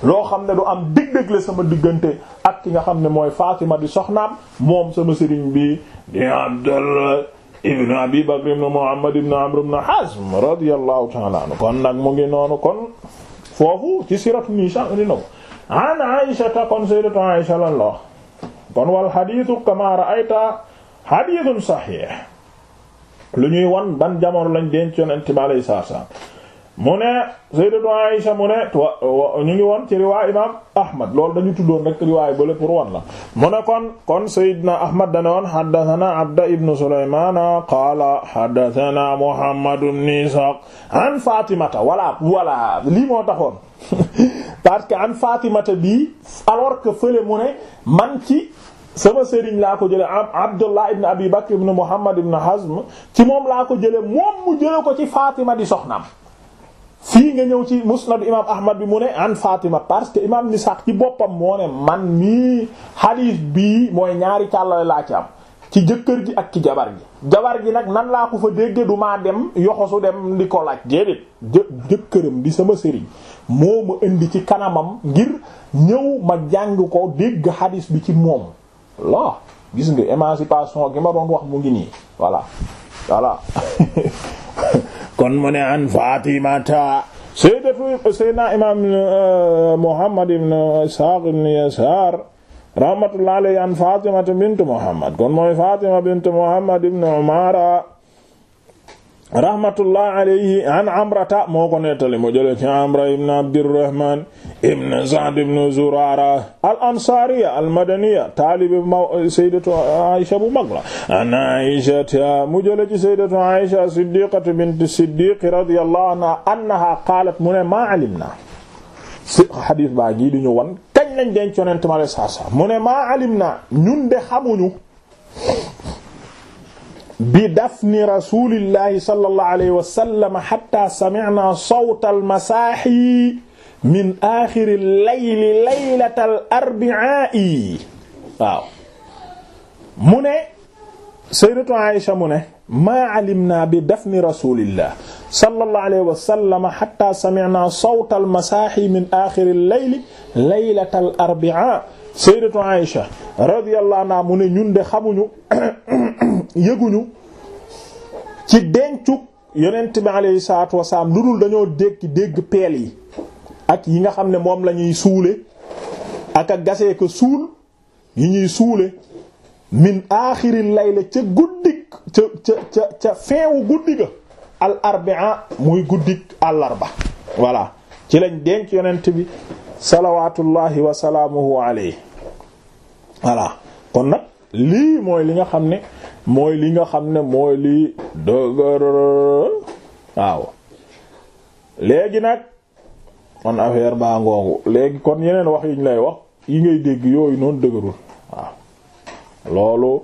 loo xam ne du am dég-dég sama diggante ak ki nga xam ne mooy Fatima di soxnaam moom sama sëriñ bi di Abdullah ibn abi bakr ibn muhammad ibn amr ibn hazm radiyallahu ta'ala kon nag mu ngi noonu kon foofu ci siratu Hishaam indi na ko an Aisha kon sayyidatu Aisha lan la wax kon wal hadithu kama ra'ayta hadithun sahih lu ñuy wan ban jamono lañ denc yonent bi alayhi salaam mu ne sayyidatu Aisha mu ne ñu ngi woon ci riwaay imam Ahmad loolu dañu tuddoon rek riwaay bale pour wan la mu kon kon sayyidna Ahmad dane woon haddathana Abda ibn Sulaymana qaala haddathana Muhammad Ishaq an Fatimata wala wala lii moo taxoon parce que an Fatimata bii alors que fële mu man ci sama sëriñ laa ko jële Abdullah ibn Abi Bakr ibn Muhammad ibn Hazm ci moom laa ko jële moom mu jële ko ci Fatima di soxnaam fii nga ñëw ci musnad imam ahmad bi mu ne an fatima parce que imam nisaq ci boppam moo ne man mii xadiis bi mooy ñaari càllale laa ci am ci jëkkër ji ak ci jabar ji jabar ji nag nan laa ko fa dégge du dem yoxosu dem di ak laaj déedéet jëkkëram di sama sëriñ moo ma indi ci kanamam ngir ñëw ma jàng ko dégg xadiis bi ci moom la gis nga émancipation gi ma doon wax mu ngi nii voilà voilà kon mu ne an fatimata sayyidatu sayyidina imam euh, muhammad ibn ishaq ibn yasar rahmatullahi alayhi an fatimata bint muhammad kon mooy fatima bint muhammad ibn umara rahmatullah alayhi an amrata moo ko nettali mu jële ci amra ibn abdirrahman ibn sa'd ibn zurara al ansariya al madaniya taalibi ma sayyidatu aisha bu mag la an aishata mu jële ci sayyidatu aisha siddiqatu bint siddiq radiyallahu anha annaha qaalat mu ne ma alimna si hadith baa gi di ñu wan kañ lañ denc yonent ma le saasa mu ne ma alimna ñun de xamuñu bi dafni rasulillahi sallallahu alayhi wa sallam hatta sami'na sawta al-masaahi min aaxiri layli laylatal arbi'aa'i waaw mu ne sayyidatu Aïcha mu ne maa alimnaa bi dafni rasulillah sallallahu alayhi wa sallam hatta sami'na sawtal masaahi min aaxiri layli laylatal arbi'aa sayyidatu Aïsha radiyallahu anha mu ne ñun de xamuñu yëguñu ci dencuk yonent bi alayhi salaatu wasalaam lu dul dañoo dégg dégg peel yi ak yi nga xam ne moom lañuy suule ak gase gasee ko suul yi ñuy suule min aaxiril layla ca guddi ca ca ca ca feewu guddi al arbia muy guddi àllarba voilà ci lañ denc yonent bi salawaatullahi wa salaamuhu alayhi voilà kon nag lii mooy li nga xam ne mooy li nga xam ne mooy li dëgër waaw léegi nag kon affaire baa ngoongu léegi kon yeneen wax yi ñu lay wax yi ngay dégg yooyu noonu dëgërul waaw loolu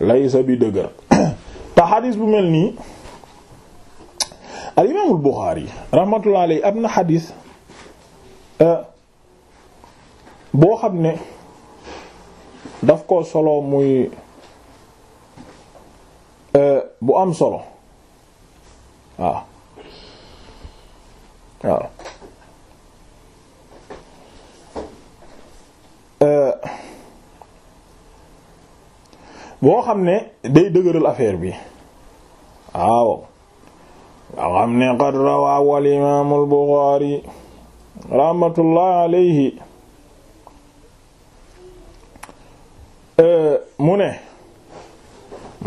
lay sa bi dëgër te xadis bu mel nii al imaamul Buxaari rahmatullah alayhi am na xadis euh, boo xam ne daf ko solo muy euh, bu am solo waaw waaw euh, boo xam ne day dëgëral affaire bi waaw nga xam ne qad rawaa wal imaamul Buxaari rahmatullahi alayhi Euh, mune ne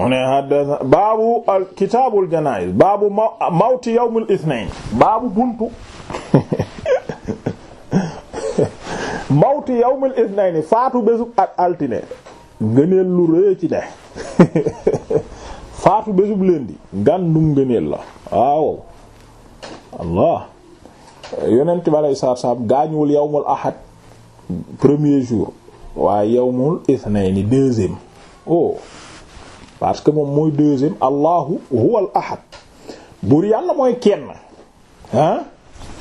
mu ne haddasa baabu al kitaabul janaayiz baabu mawti yawmul ithnayn baabu buntu mawti yawmul ithnayn faatu bésu ak altine ngëneel lu rëy ci ne faatu bésub lundi ngàndum waaw allah yonent bi alayhi salaatu wa salaam ahad premier jour waaye yawmul ithnayni deuxième oh parce que moom mooy deuxième allahu huwal ahad buur yàlla mooy kenn ah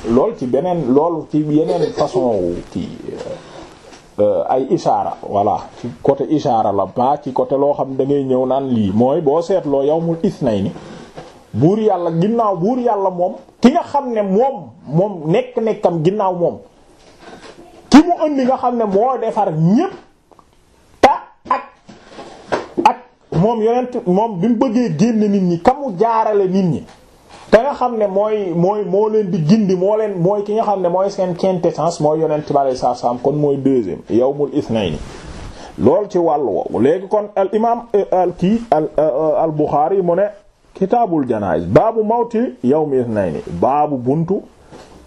lool ci beneen loolu ci yeneen façon wu ci euh, ay ishaara voilà ci côté ishaara la pas ci côté loo xam da ngay ñëw naan lii mooy boo seetloo yawmul ithnayni buur yàlla ginnaaw buur yàlla moom ki nga xam ne moom moom nekk-nekkam ginnaaw moom li mu indi nga xam ne moo defar ñépp ta ak ak moom yonent moom bi bëggee génne nit ñi ka jaarale nit ñi te nga xam ne mooy mooy moo leen di gindi moo leen mooy ki nga xam ne mooy seen quintessence mooy yonent bi alei saatu kon mooy deuxième yawmul ithnaini lool ci wàll woowu léegi kon al imam al kii al euh, Bukhari mu ne kitaabul janaa'iz baabu mawti yawmul ithnaini baabu buntu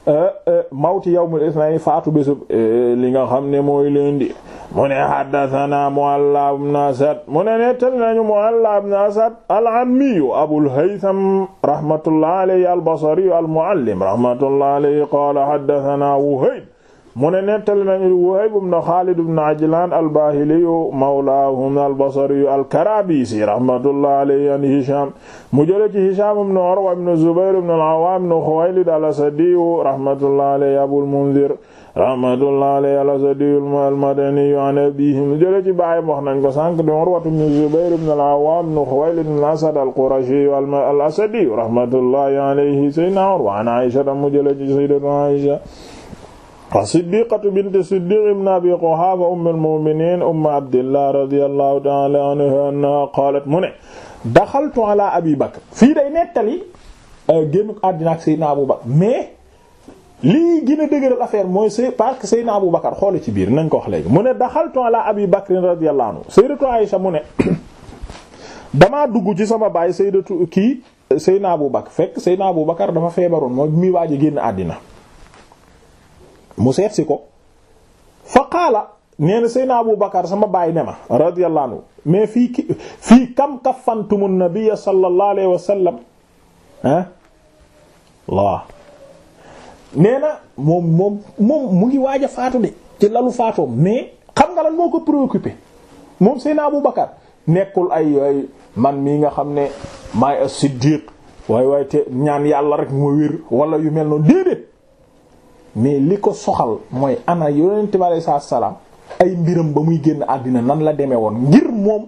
Euh, euh, mawti yawmul isnayn faatu bésub euh, li nga xam ne mooy lundi mu ne haddathana Mu'alla ibn Asad mu ne nettali nañu Mu'alla ibn Asad al-Ammi Abul Haytham rahmatullahi alayhi al-Basri al-Mu'allim rahmatullahi alayhi qala haddathana Wuhayd mu ne nettali nañu Wahb ibn Xaalid ibn Ajlaan al-Baahili mawlaahum al-Basri al-Karaabisi rahmatullahi alayhi an Hishaam mu jële ci Hishaam ibn Urwa ibn Zubayr ibn al-Awaam ibn Xuwaylid al-Asadi rahmatullahi alayhi Abul Munzir rahmatullahi alayhi al-Asadi al-Madani an abiihi mu jële ci baayam wax nañ ko sànq di Urwa ibn Zubayr ibn al-Awaam ibn Xuwaylid ibn al-Asad al-Qurashi al-Asadi rahmatullahi alayhi sayyidina Urwa an Aysha mu jële ci sayyidatuna Aysha Siddiqatu bint Siddiq ibn Abi Quhaafa ummul mu'miniin ummu Abdillah radiyallahu ta'ala anha annahaa qaalat mu ne daxaltu Abi Bakr fii day nettali euh, génn àddina ak Seydina Abu Bakr mais lii gën a dëgëral affaire mooy c'est parce que Seydina Abu Bakr xooli ci biir nañ ko wax léegi mu ne daxaltu ala Abi Bakr radiyallahu anhu Sayyidatu Aïsha mu ne damaa dugg ci sama baay Sayyidatu ki Seydina Abu Bakr fekk Seydina Abu Bakr dafa feebaroon mooy bi muy waaj a àddina mu seet si ko fa qaala nee na Abu Bakar sama baay ne ma radiyallahu anhu mais fii ki fii kam kaffantumu nabiyya sallallahu alayhi wa sallam ah laa nee na moom moom moom mu ngi waaj faatu de ci lalu faatoom mais xam nga lan moo ko préoccupé moom Seydina Abu Bakar nekkul ay man mii nga xam ne maay as-Siddiq waay waay te ñaan yàlla rek mu wér wala yu mel noonu déedéet. mais li ko soxal mooy ana yonent bi alayhi salaatu salaam ay mbiram ba muy génn àddina nan la demee woon ngir moom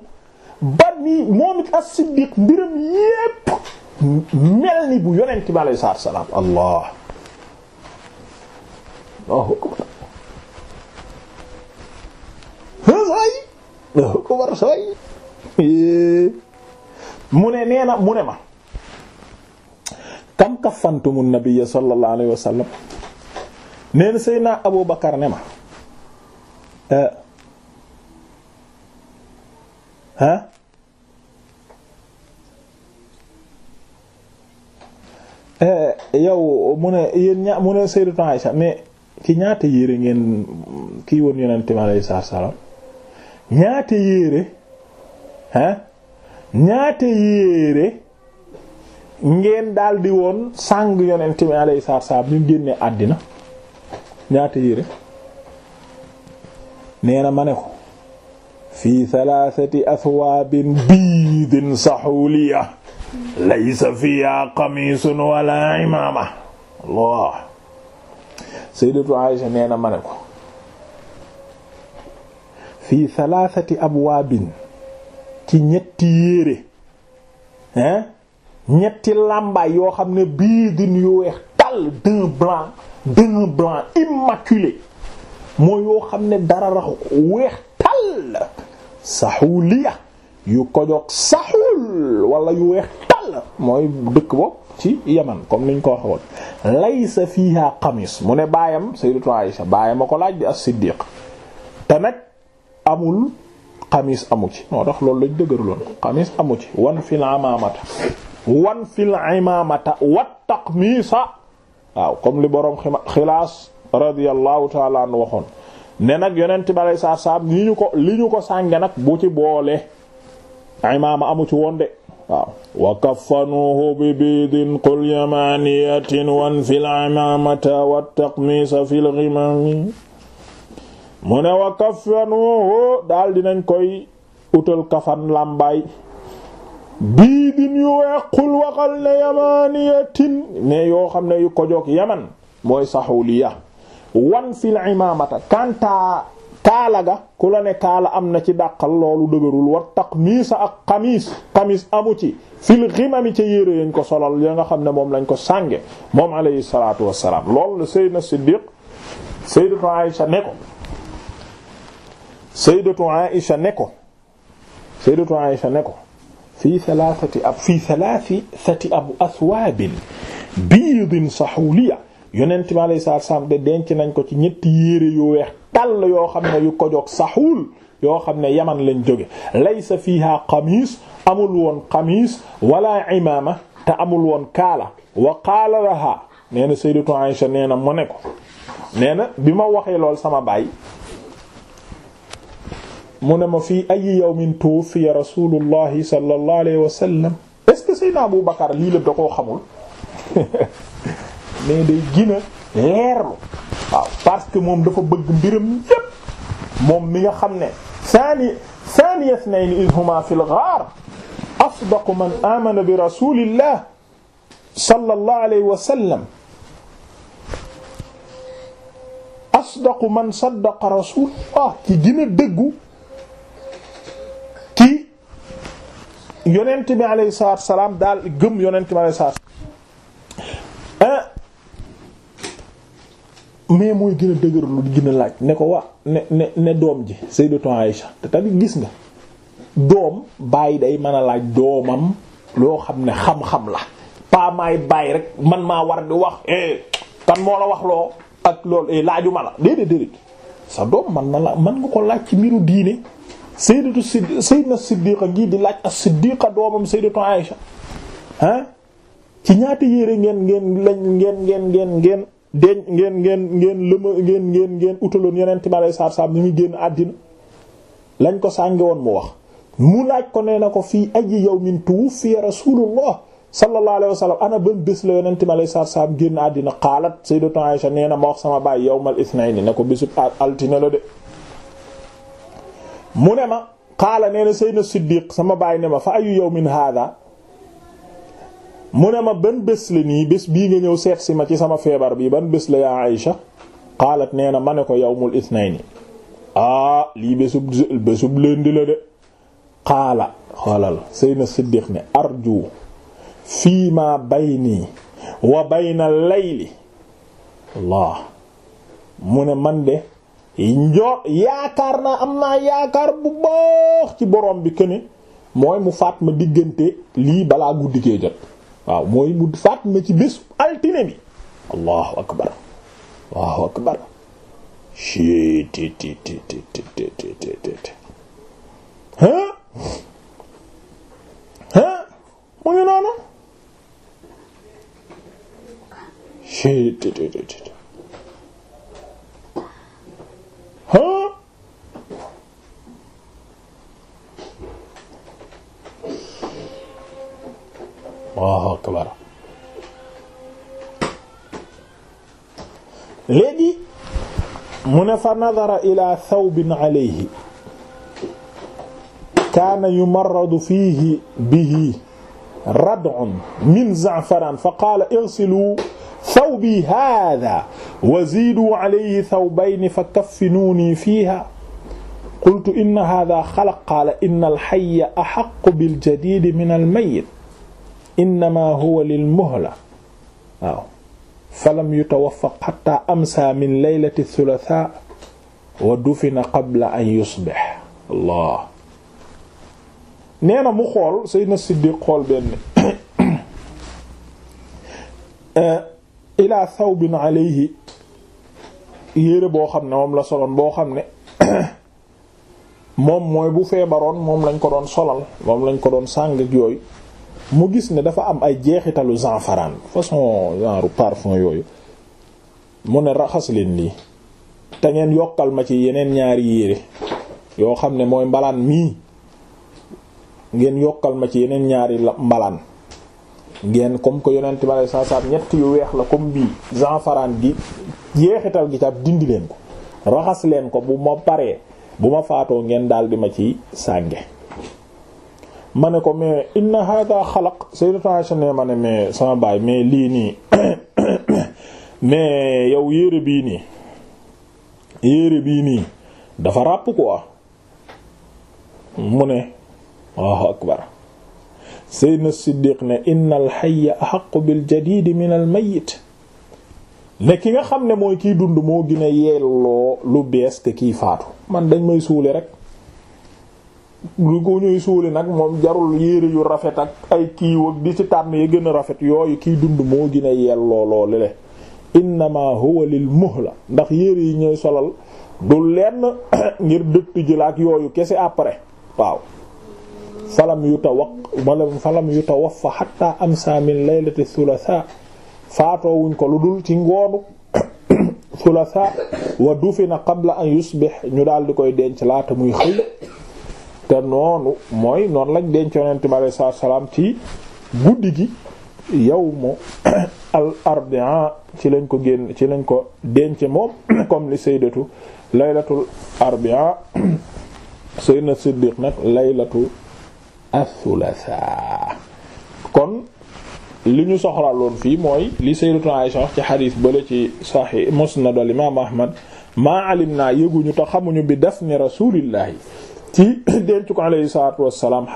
ba ni moom it as-Siddiq mbiram yépp mel ni bu yonent bi alayhi salaatu salaam allah mu ne neena na mu ne ma kam kafantumu nabiyya sallallahu alayhi wa nee na naa Abu Bakar ne ma ah yow mu ne yéen ña mu ne Sayyidatu Aisha mais ci ñaata yére ngeen kii woon yonente mi alayhi salaatu salaam ñaata yére ah ñaata yére ngeen daldi woon sàng yonente mi alayhi salaatu salaam génne àddina ñaata yére nee na fi ne ko fii thalathati athwaabin biidin saxuliya wala imaama Allah sayyidatu Aisha nee na ma ne ko fii thalathati abwaabin ñetti yére hein ñetti làmbaay yoo xam ne biidin yu weex tàll d'un blanc d'un blanc immaculé mooy yoo xam ne dara raxu ko weex tàll saxuliya yu kojoog saxul wala yu weex tàll mooy dëkk bopp ci yeman comme niñ ko waxoon laysa fiha xamis mu ne baayam sayyidatu Aisha baayam a ko laaj di as-Siddiq te nag amul xamis amu ci moo tax loolu lañ dëgëraloon xamis amu ci wan fil imamata wan fil imamata wat taqmisa waaw comme li borom xilaas radiyallahu taala an waxoon ne nag yonent balay saa li ñu ko li ñu ko sànge nag bu ci boole imaama amu ci woon waaw wa kafanuhu bi biidin qul yamaniyatin wan fil imamata wat taqmisa fil ghimami mu ne wa kafanuhu daal dinañ koy utal kafan làmbaay bii din yu wequl waxal ne yamaniyatin ne yoo xam ne yu ko jog yaman mooy saxuliya wan fil imamata kanta kaala ga ku la ne kaala am na ci dàqal loolu dëgërul war taqmiisa ak xamiis amu ci fil ximami ca yére yañ ko solal ya nga xam ne moom lañ ko sànge moom alayhi salaatu wassalaam loolu la Seydina Siddiq Sayyidatu Aïsha ne ko Sayyidatu Aïsha ne ko fii thalathati ab fii thalathati abu aswaabin biidin saxuliya yonent bi alayhi salaatu salaam de denc nañ ko ci ñetti yére yu weex tàll yoo xam ne yu ko jox saxuul yoo xam ne yaman lañ jóge laysa fiiha xamiis amul woon xamiis wala imaama te amul woon kaala wa qaala laha nee na sayyidatu Aisha nee na mu ne ko nee na bi ma waxee lool sama baay mu ne ma fii ay yawmin tuwuffiya rasulullahi sallallahu alayhi wa sallam est-ce que Seydina Abu Bakar lii lépp da koo xamul mais day gina leerlu waaw parce que moom dafa bëgg mbiram yépp moom mi nga xam ne saani saani isnayni idhuma fil ghaar asdaqu man amana bi rasulillah sallallahu alayhi wa sallam asdaqu man saddaqa rasulullah ki gën a dëggu yonent bi alayhi salaatu salaam daal gëm yonent bi alayhi salaatu salaam eh, mais mooy gën dëgër lu gën a laaj ne ko wax ne ne doom ji Sayyidatu Aïcha te tamit gis nga doom bàyyi day mën a laaj doomam loo xam ne xam-xam la pas maay bàyyi rek man maa war di wax eh moo la wax loo ak loolu eh, laaju ma la déedéet déedéet sa doom man na la man nga ko laaj ci mbiru diine sayyidatu Siddiq sayyidna Siddiqa ngi di laaj as-Siddiqa doomam sayyidatu Aïsha ah ci ñaata yére ngeen ngeen lañ ngeen ngeen ngeen ngeen deñ ngeen ngeen ngeen lëma ngeen ngeen ngeen utaloon yeneen timalay saar-saam ni muy génn àddina lañ ko sànge woon mu wax mu laaj ko nee na ko fii aji yawmin tuwuffiya rasulullah sallallahu alayhi wa sallam ana ban bés la yonent mi alayhi salaatu salaam génn àddina xaalat sayyidatu Aïsha nee na ma wax sama baay yawmal ithnayn ne ko bésub altine la de mu ne ma xaala nee na Seydina Siddiq sama baay ne ma fa ayu yawmin hada mu ne ma ban bés la nii bés bii nga ñëw seet si ma ci sama feebar bi ban bés la yaa Aïcha xaalat nee na ma ne ko yawmul ithnayni aa ah, lii bésub bésub lundi la de xaala xoolal Seydina Siddiq ne arju fii ma bayni wa bayna layli Allah mu ne man de yaakaar naa am naa yaakaar bu baax ci borom bi këne mooy mu faat ma diggante lii balaa guddi gee waaw mooy mu faat ma ci bés altine bi allahu akbar allahu akbar ci ti mu ngi noonu Allahu akbar léegi mu ne fa nadara ila thawbin alayhi kaana yumarradu fiihi bihi rad'un min za'faran fa qaala igsilu thawbi haadha wa ziidu alayhi thawbayni fa kaffinuunii fiihaa qultu inna haadha xalaq qaala inna al-hayya ahaqqu biljadiidi min al-mayyit innamaa huwa lilmuhla waaw falam yutawaffaq hattaa amsaa min laylati ath-thulathaa wa dufina qabla an yusbih Allah nee mu xool Seydina Siddiq xool benn eh, ilaa thawbin alayhi yére boo xam ne moom la soloon boo xam ne moom mooy bu feebaroon moom lañ ko doon solal moom lañ ko doon sàng yooyu mu gis ne dafa am ay jeexitalu zanfaraan façon genre parfum yooyu mu ne raxas leen lii te ngeen yokkal ma ci yeneen ñaari yére yoo xam ne mooy mbalaan mii ngeen yokkal ma ci yeneen ñaari mbalaan ngeen comme que yonent ma lay saa saa ñett yu weex la comme bii zanfaraan gi jeexital gi ca dindi leen ko raxas leen ko bu ma paree bu ma faatoo ngeen daal di ma ci sànge ma ne ko mais inna hada xalaq sayyidatu Aisha ne ma ne mais sama baay mais lii nii mais yow yére bii nii yére bii nii dafa ràpp quoi mu ne Allahu akbar Seydina Siddiq ne innal hayya ahaqqu bil jadiid min al mayyit ne ki nga xam ne mooy kiy dund moo gën a yelloo lu bees te kiy faatu man dañ may suuli rek lu ko ñuy suuli nag moom jarul yére yu rafet ak ay kiiwag di ci tànn yi gën a rafet yooyu kiy dund moo gën a yelloo loolu le innama huwa lil muhla ndax yére yi ñooy solal du lenn ngir dëtt ji la ak yooyu kese après waaw falam yutawaq wala falam yutawaffa hatta amsa min laylati thulatha faatoo wuñ ko lu dul ci ngoonu thulatha wa dufina qabla an yusbih ñu daal di koy denc laata muy xëy te noonu mooy noonu lañ denc yonent bi alayhi salaatu salaam ci guddi gi yawmu al arbi'a ci lañ ko génn ci lañ ko denc moom comme li sayyidatu laylatul arbi'a sayyidna siddiq nag laylatu as kon li ñu soxlaloon fii mooy li sayyidatu Aisha ci xadiis bale ci sahih musnad al imaam Ahmad maa alim naa yëguñu te xamuñu bi dafni rasulillahi ci denc ko alayhi salaatu wassalaam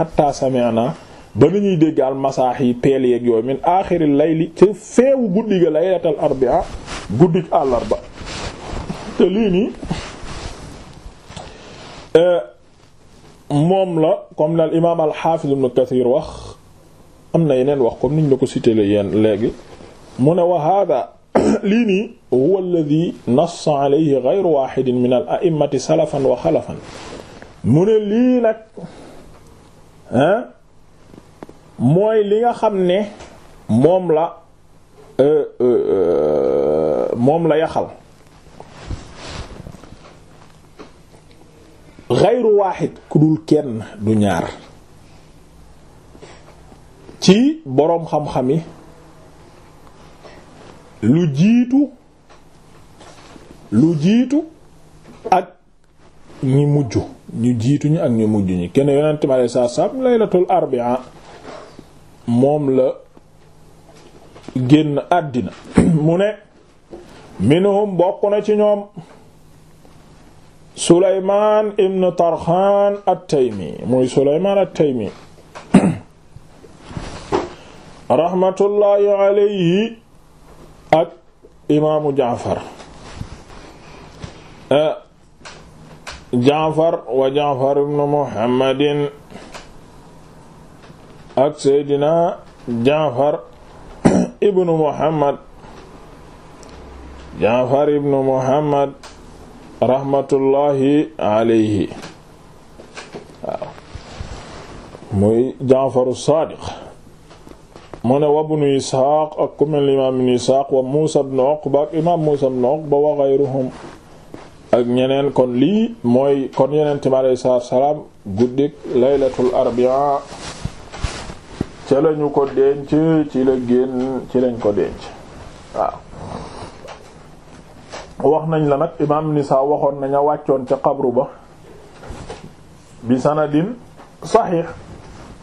ba ni ñuy dégg al masaax yi peel yeeg yooyu min aaxiril layli ci feewu guddi ga laylatal arbi'a guddik àllarba te lii nii eh, moom la comme la imaam al-Hafiz Ibn wax am na yeneen wax comme niñ la ko cité la léegi mu ne wa hada lii nii huwa alladhi nassa alayhi ghayru wahidin min al a'immati salafan wa mu ne lii nag hein mooy li nga xam ne moom la euh, euh, euh, moom la yaxal xayru waaxid ku dul kenn du ñaar ci boroom xam-xam yi lu jiitu lu jiitu ak ñi mujj ñu jiitu ñi ak ñu mujj ñi kenn yonent ma lay saa saam laylatul arbi'a moom la génn àddina mu ne minhum bokk na ci ñoom Souleymane Ibn Tarkhan at-Taymi muy Souleymane at-Taymi rahmatullahi alayhi ak imaamu Jaafar eh, Jaafar wa Jaafar ibn Muhammadin ak Seydina Jaafar ibn Muhammad Jaafar ibn Muhammad rahmatullahi alayhi waaw muy Jaafaru Saadiq mu ne wabnu Isxaaq ak ku mel imaam ibnu Isxaaq wa Muusa ibnu Uqba ak imaam Muusa ibnu Uqba wa ghayruhum ak ñeneen kon lii mooy kon yenente alayhi salaam guddik laylatul arbi'a ca lañu ko denc ci la génn ci lañ ko denc waaw wax nañ la nag imaam nisa waxoon naña wàccoon ca xabru ba bi sanadin saxiix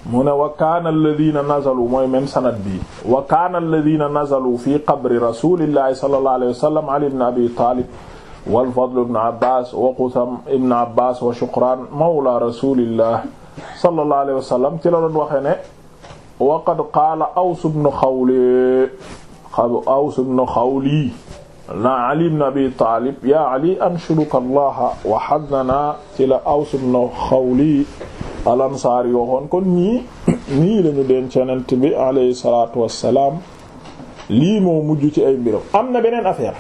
mu ne wa kaana alladina nazalu mooy même sanad bi wa kaana alladina nazalu fi qabri rasulillahi sallallahu alayhi wa sallam ali ibn abi talib wal fadl ibn abbas wa qusam ibn abbas wa shuqran mawla rasulillah sallallahu alayhi wa sallam ci la doon waxee ne wa qad qaala aws ibn xawli aws ibn xawli la Ali ibn Abi Taalib yaa Ali anshuduka allaha wa haddana ci la Xawli al waxoon kon ñii nii lañu denc Yonent bi alayhi salaatu wassalaam lii moo mujj ci ay mbiram am na beneen affaire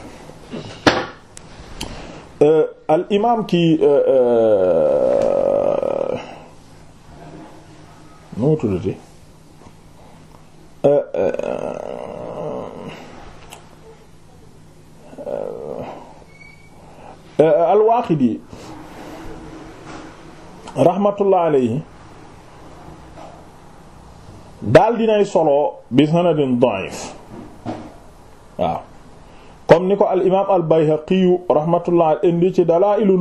euh, al imaam kii euh, euh, nu Euh, al-Waaqidi alayhi daal dinay solo bi sanadin da'if waaw comme ni ko al imaam al Bayhaqi rahmatullah indi ci Dalaa'ilu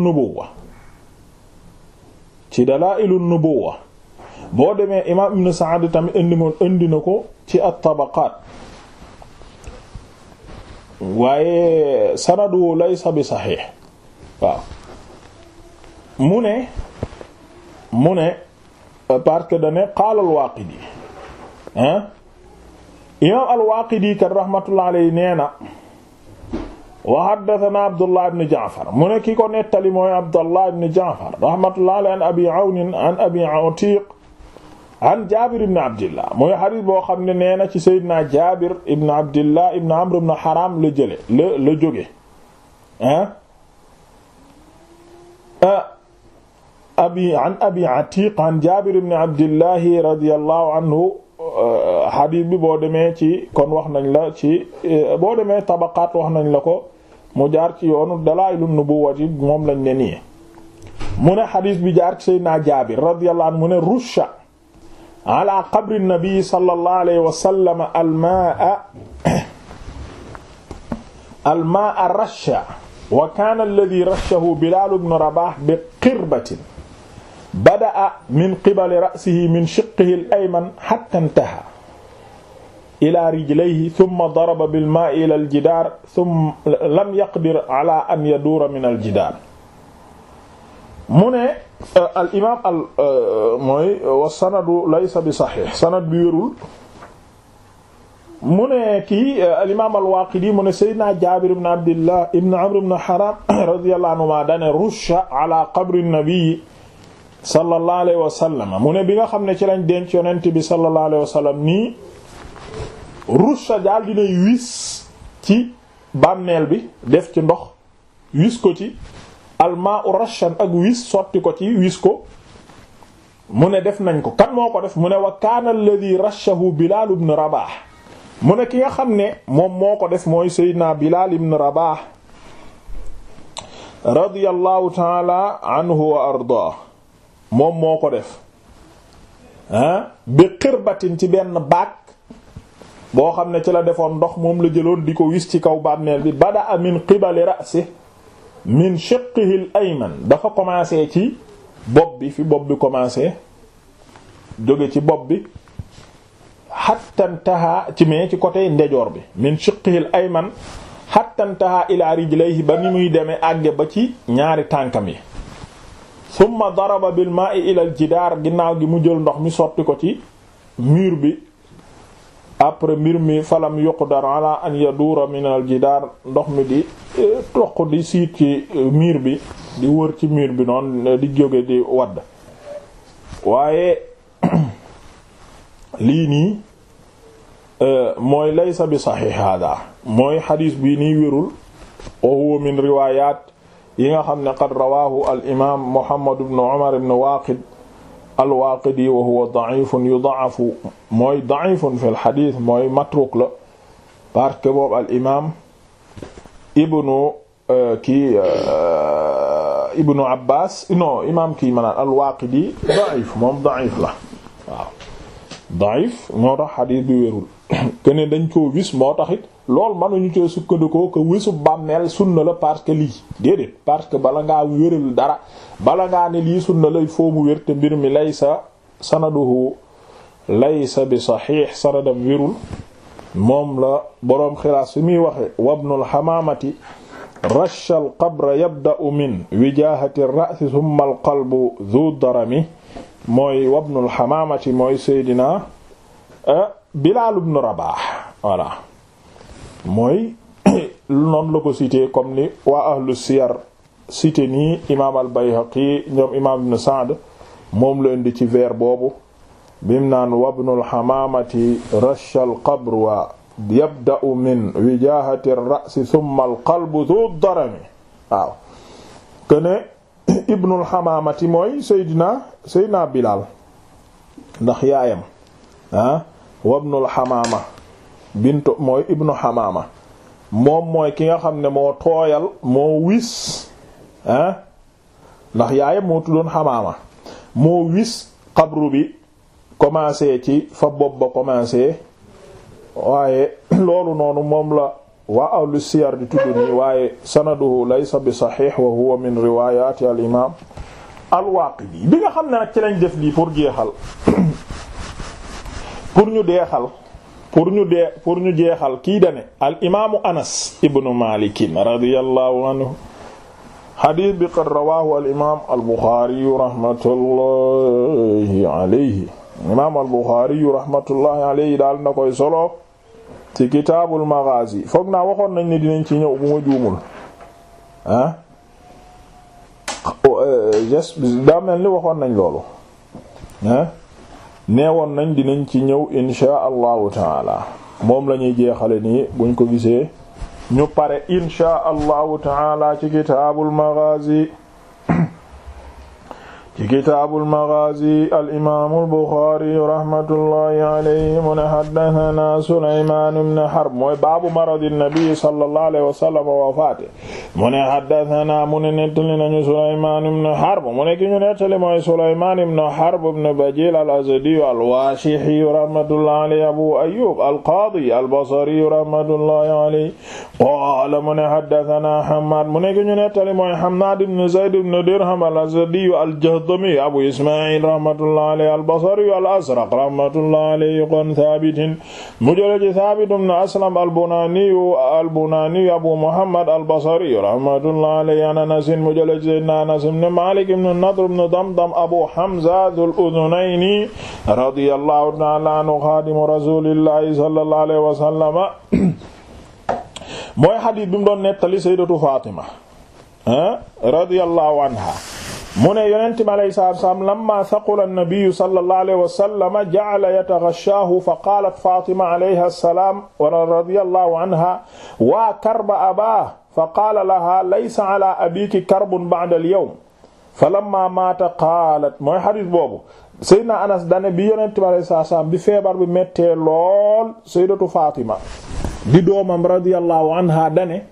Nubuwwa boo demee imaam Ibn Sa'd tamit indi moon indi na ko ci at-Tabaqaat waye sanadu laysa bi saxiix waaw mu ne mu ne parce que dane qaala al-Waaqidi ah imaam al-Waaqidi kat rahmatullah alayhi nee na wa haddathana Abdullah ibn Ja'far mu ne ki ko nettali mooy Abdullah ibn Ja'far rahmatullah alayhi an Abi Awn an Abi Atiq an Jaabir ibn Abdillah mooy hadith boo xam ne nee na ci Seydina Jaabir ibn Abdillah ibn Amr ibn Haram la jële la la jóge ah Ah, abi an abi atiq an jabir ibn abdillahi radiyallahu anhu ah, hadith bi boo demee ci kon wax nañ la ci eh, boo demee tabaqaat wax nañ la ko mu jaar ci yoonu dalailun nubuwwati moom lañ ne nii mu ne hadith bi jaar ci sayyidina jabir radiyallahu anhu mu ne rusha ala qabri nabi sallallahu alayhi wa sallam almaa almaa rasha wa kaana alladhi rashahu Bilaal ibn Rabaah bi qirbatin bada'a min qibali ra'sihi min shiqqihi al-ayman hatta intaha ila rijlayhi thumma daraba bil-maa'i ila al-jidaar thumma lam yaqdir ala an yaduura min al-jidaar mu ne al imaam al mooy wa sanadu laysa bi sahih sanad bi wérul mu ne kii euh, alimaam al-Waaqidi mu ne Seydina Jaabir ibn Abdillah ibn Amr ibn Haram radiyallahu ala qabri nabii sallallahu alayhi wa bi nga xam ne ci lañ denc yonent bi sallallahu alayhi wa sallam dinay wis ci bàmmeel bi def ci ndox wis ci almaa'u rashan ak wis sotti ko ci wis ko mu ne def nañ ko kan moo ko def mu ne wa kaana Bilaal ibn Rabaah mu ne ki nga xam ne moom moo ko def mooy Seydina Bilaal ibn Rabah radiyallahu taala anhu wa ardaa moom moo ko def ah bi xirbatin ci benn baag boo xam ne ci la defoon ndox moom la jëloon di ko wis ci kaw bàmmeel bi bada'a min qibali ra'si min shiqqihi al-ayman dafa commencé ci bopp bi fi bopp bi commencé jóge ci bopp bi hatta intaha ci mais ci côté ndejoor bi min shiqqihi ayman hatta intaha ila rijlayhi ba ni muy demee àgge ba ci ñaari tànkam yi thumma daraba bil ma'i ila al jidaar ginnaaw gi mu jël ndox mi sotti ko ci miir bi après mbir mi falam yuqdar ala an yaduura min al jidaar ndox mi di e, toq di siit ci e, miir bi di wër ci miir bi noonu di jóge di wadd waaye lii nii euh, mooy laysa bi saxiix hada mooy xadiis bi nii wérul wa huwa min riwayat yi nga xam ne qad rawahu al imam Muhammad ibn Umar ibn Waaqid al Waaqidi wa huwa da'ifun yud'afu mooy da'ifun fil xadiis mooy matruk la parce que boobu al imam ibnu euh, kii euh, ibnu Abbaas non imam kii maanaam al Waaqidi da'if moom da'if la waaw daif moo tax xadiis bi wérul kene dañ koo wis moo tax it loolu mënuñu cee sukkandikoo que wisu bàmmeel sunna la parce que lii déedéet parce que bala ngaa wéral dara bala ngaa ne lii sunna lay foo mu wér te mbir mi laysa sanaduhu laysa bi saxiix sanadam wérul moom la boroom xilaas fi muy waxe wabnul xamaamati rasha al qabra yabda'u min wijahati ar-ra's thumma al qalbu dhu mooy wabnul xamaamati mooy seydina eh, Bilaal ibn Rabaax voilà mooy noonu la ko cité ni waa ahlu siyar cité nii imaam al-Bayhaqi ñoom imaam ibn moom la indi ci vers boobu bim naan wabnul xamaamati rasha al-qabr wa min wijaahati ar-ra's thumma al-qalbu ibnul xamaamati mooy seydina seydina bilaal ndax yaayam ah wabnul xamaama bintu mooy ibnu xamaama moom mooy ki nga xam ne moo tooyal moo wis ah ndax yaayam moo tuddoon xamaama moo wis xabru bi commencé ci fa bopp ba commencé waaye loolu noonu moom la waa ahlu siyar di tudd nii waaye sanaduhu laysa bi saxiix wa huwa min riwayati al imam al-Waaqidi bi nga xam ne nag ci lañ def lii pour jeexal pour ñu deexal pour ñu dee pour ñu jeexal kii dane al imaamu anas ibnu malikin radiyallahu anhu xadiis bi qad rawahu al imam al Buxaari rahmatullahi alayhi imam al Buxaari rahmatullahi alayhi daal na koy solo ci kitaabul maghazi foog naa waxoon nañ ne dinañ ci ñëw bu ma juumul ah daa ni waxoon nañ loolu ah neewoon nañ dinañ ci ñëw insha allahu taala moom la ñuy jeexale nii buñ ko gisee ñu pare insha allahu taala ci kitaabul maghazi ci kitaabul maghaazi al imaamul buxaari rahmatullahi alayhi mu ne haddasanaa Sulaymaan ibn Harb mooy baabu maradi nabi sallallahu alayhi wa sallam wa wafaati mu ne haddasanaa mu ne nettali nañu Sulaymaan ibn Harb mu ne ki ñu nettali mooy Sulaymaan ibn Harb ibn Bajiil al Azdi al Waashihi rahmatullahi alayhi Abu Ayyuub al Qaadi al Basri rahmatullahi alayhi qaala mu ne haddasanaa Hammaad mu ne ki ñu nettali mooy Hammaad ibn Zayd ibn Dirham al Azdi al Jahd ad-Dammi Abu Ismaïl rahmatullahi alayhi al-Basri al-Azraq rahmatullahi alayhi kon Thabit mu jëlee ci Thabit ibn Aslam al-Bunani al-Bunani Abu Muhammad al-Basri rahmatullahi alayhi an Anas mu jëlee ci Sayyidina Anas ibn Malik ibn Nadr ibn Damdam Abu Hamza dhul udhunayni radiyallahu ta'ala anhu khadimu rasulillahi sallallahu alayhi wa sallam mooy hadith bi mu doon nettali Sayyidatu Fatima ah, radiyallahu anha mu ne yonente bi alayhi salaatu wa salaam lamma saqula an-nabiyyu sallallahu alayhi wa sallam ja'ala yataghashshaahu fa qaalat Faatima alayha salaam wa radiyallahu anha wa karba abaa fa qaala lahaa laysa alaa abiiki karbun ba'da al-yawm falamma maata qaalat mooy xadis boobu Seydina Anas dane bi yonente bi alayhi salaatu wa salaam bi feebar bi mettee lool Sayyidatu Faatima di doomam radiyallahu anha dane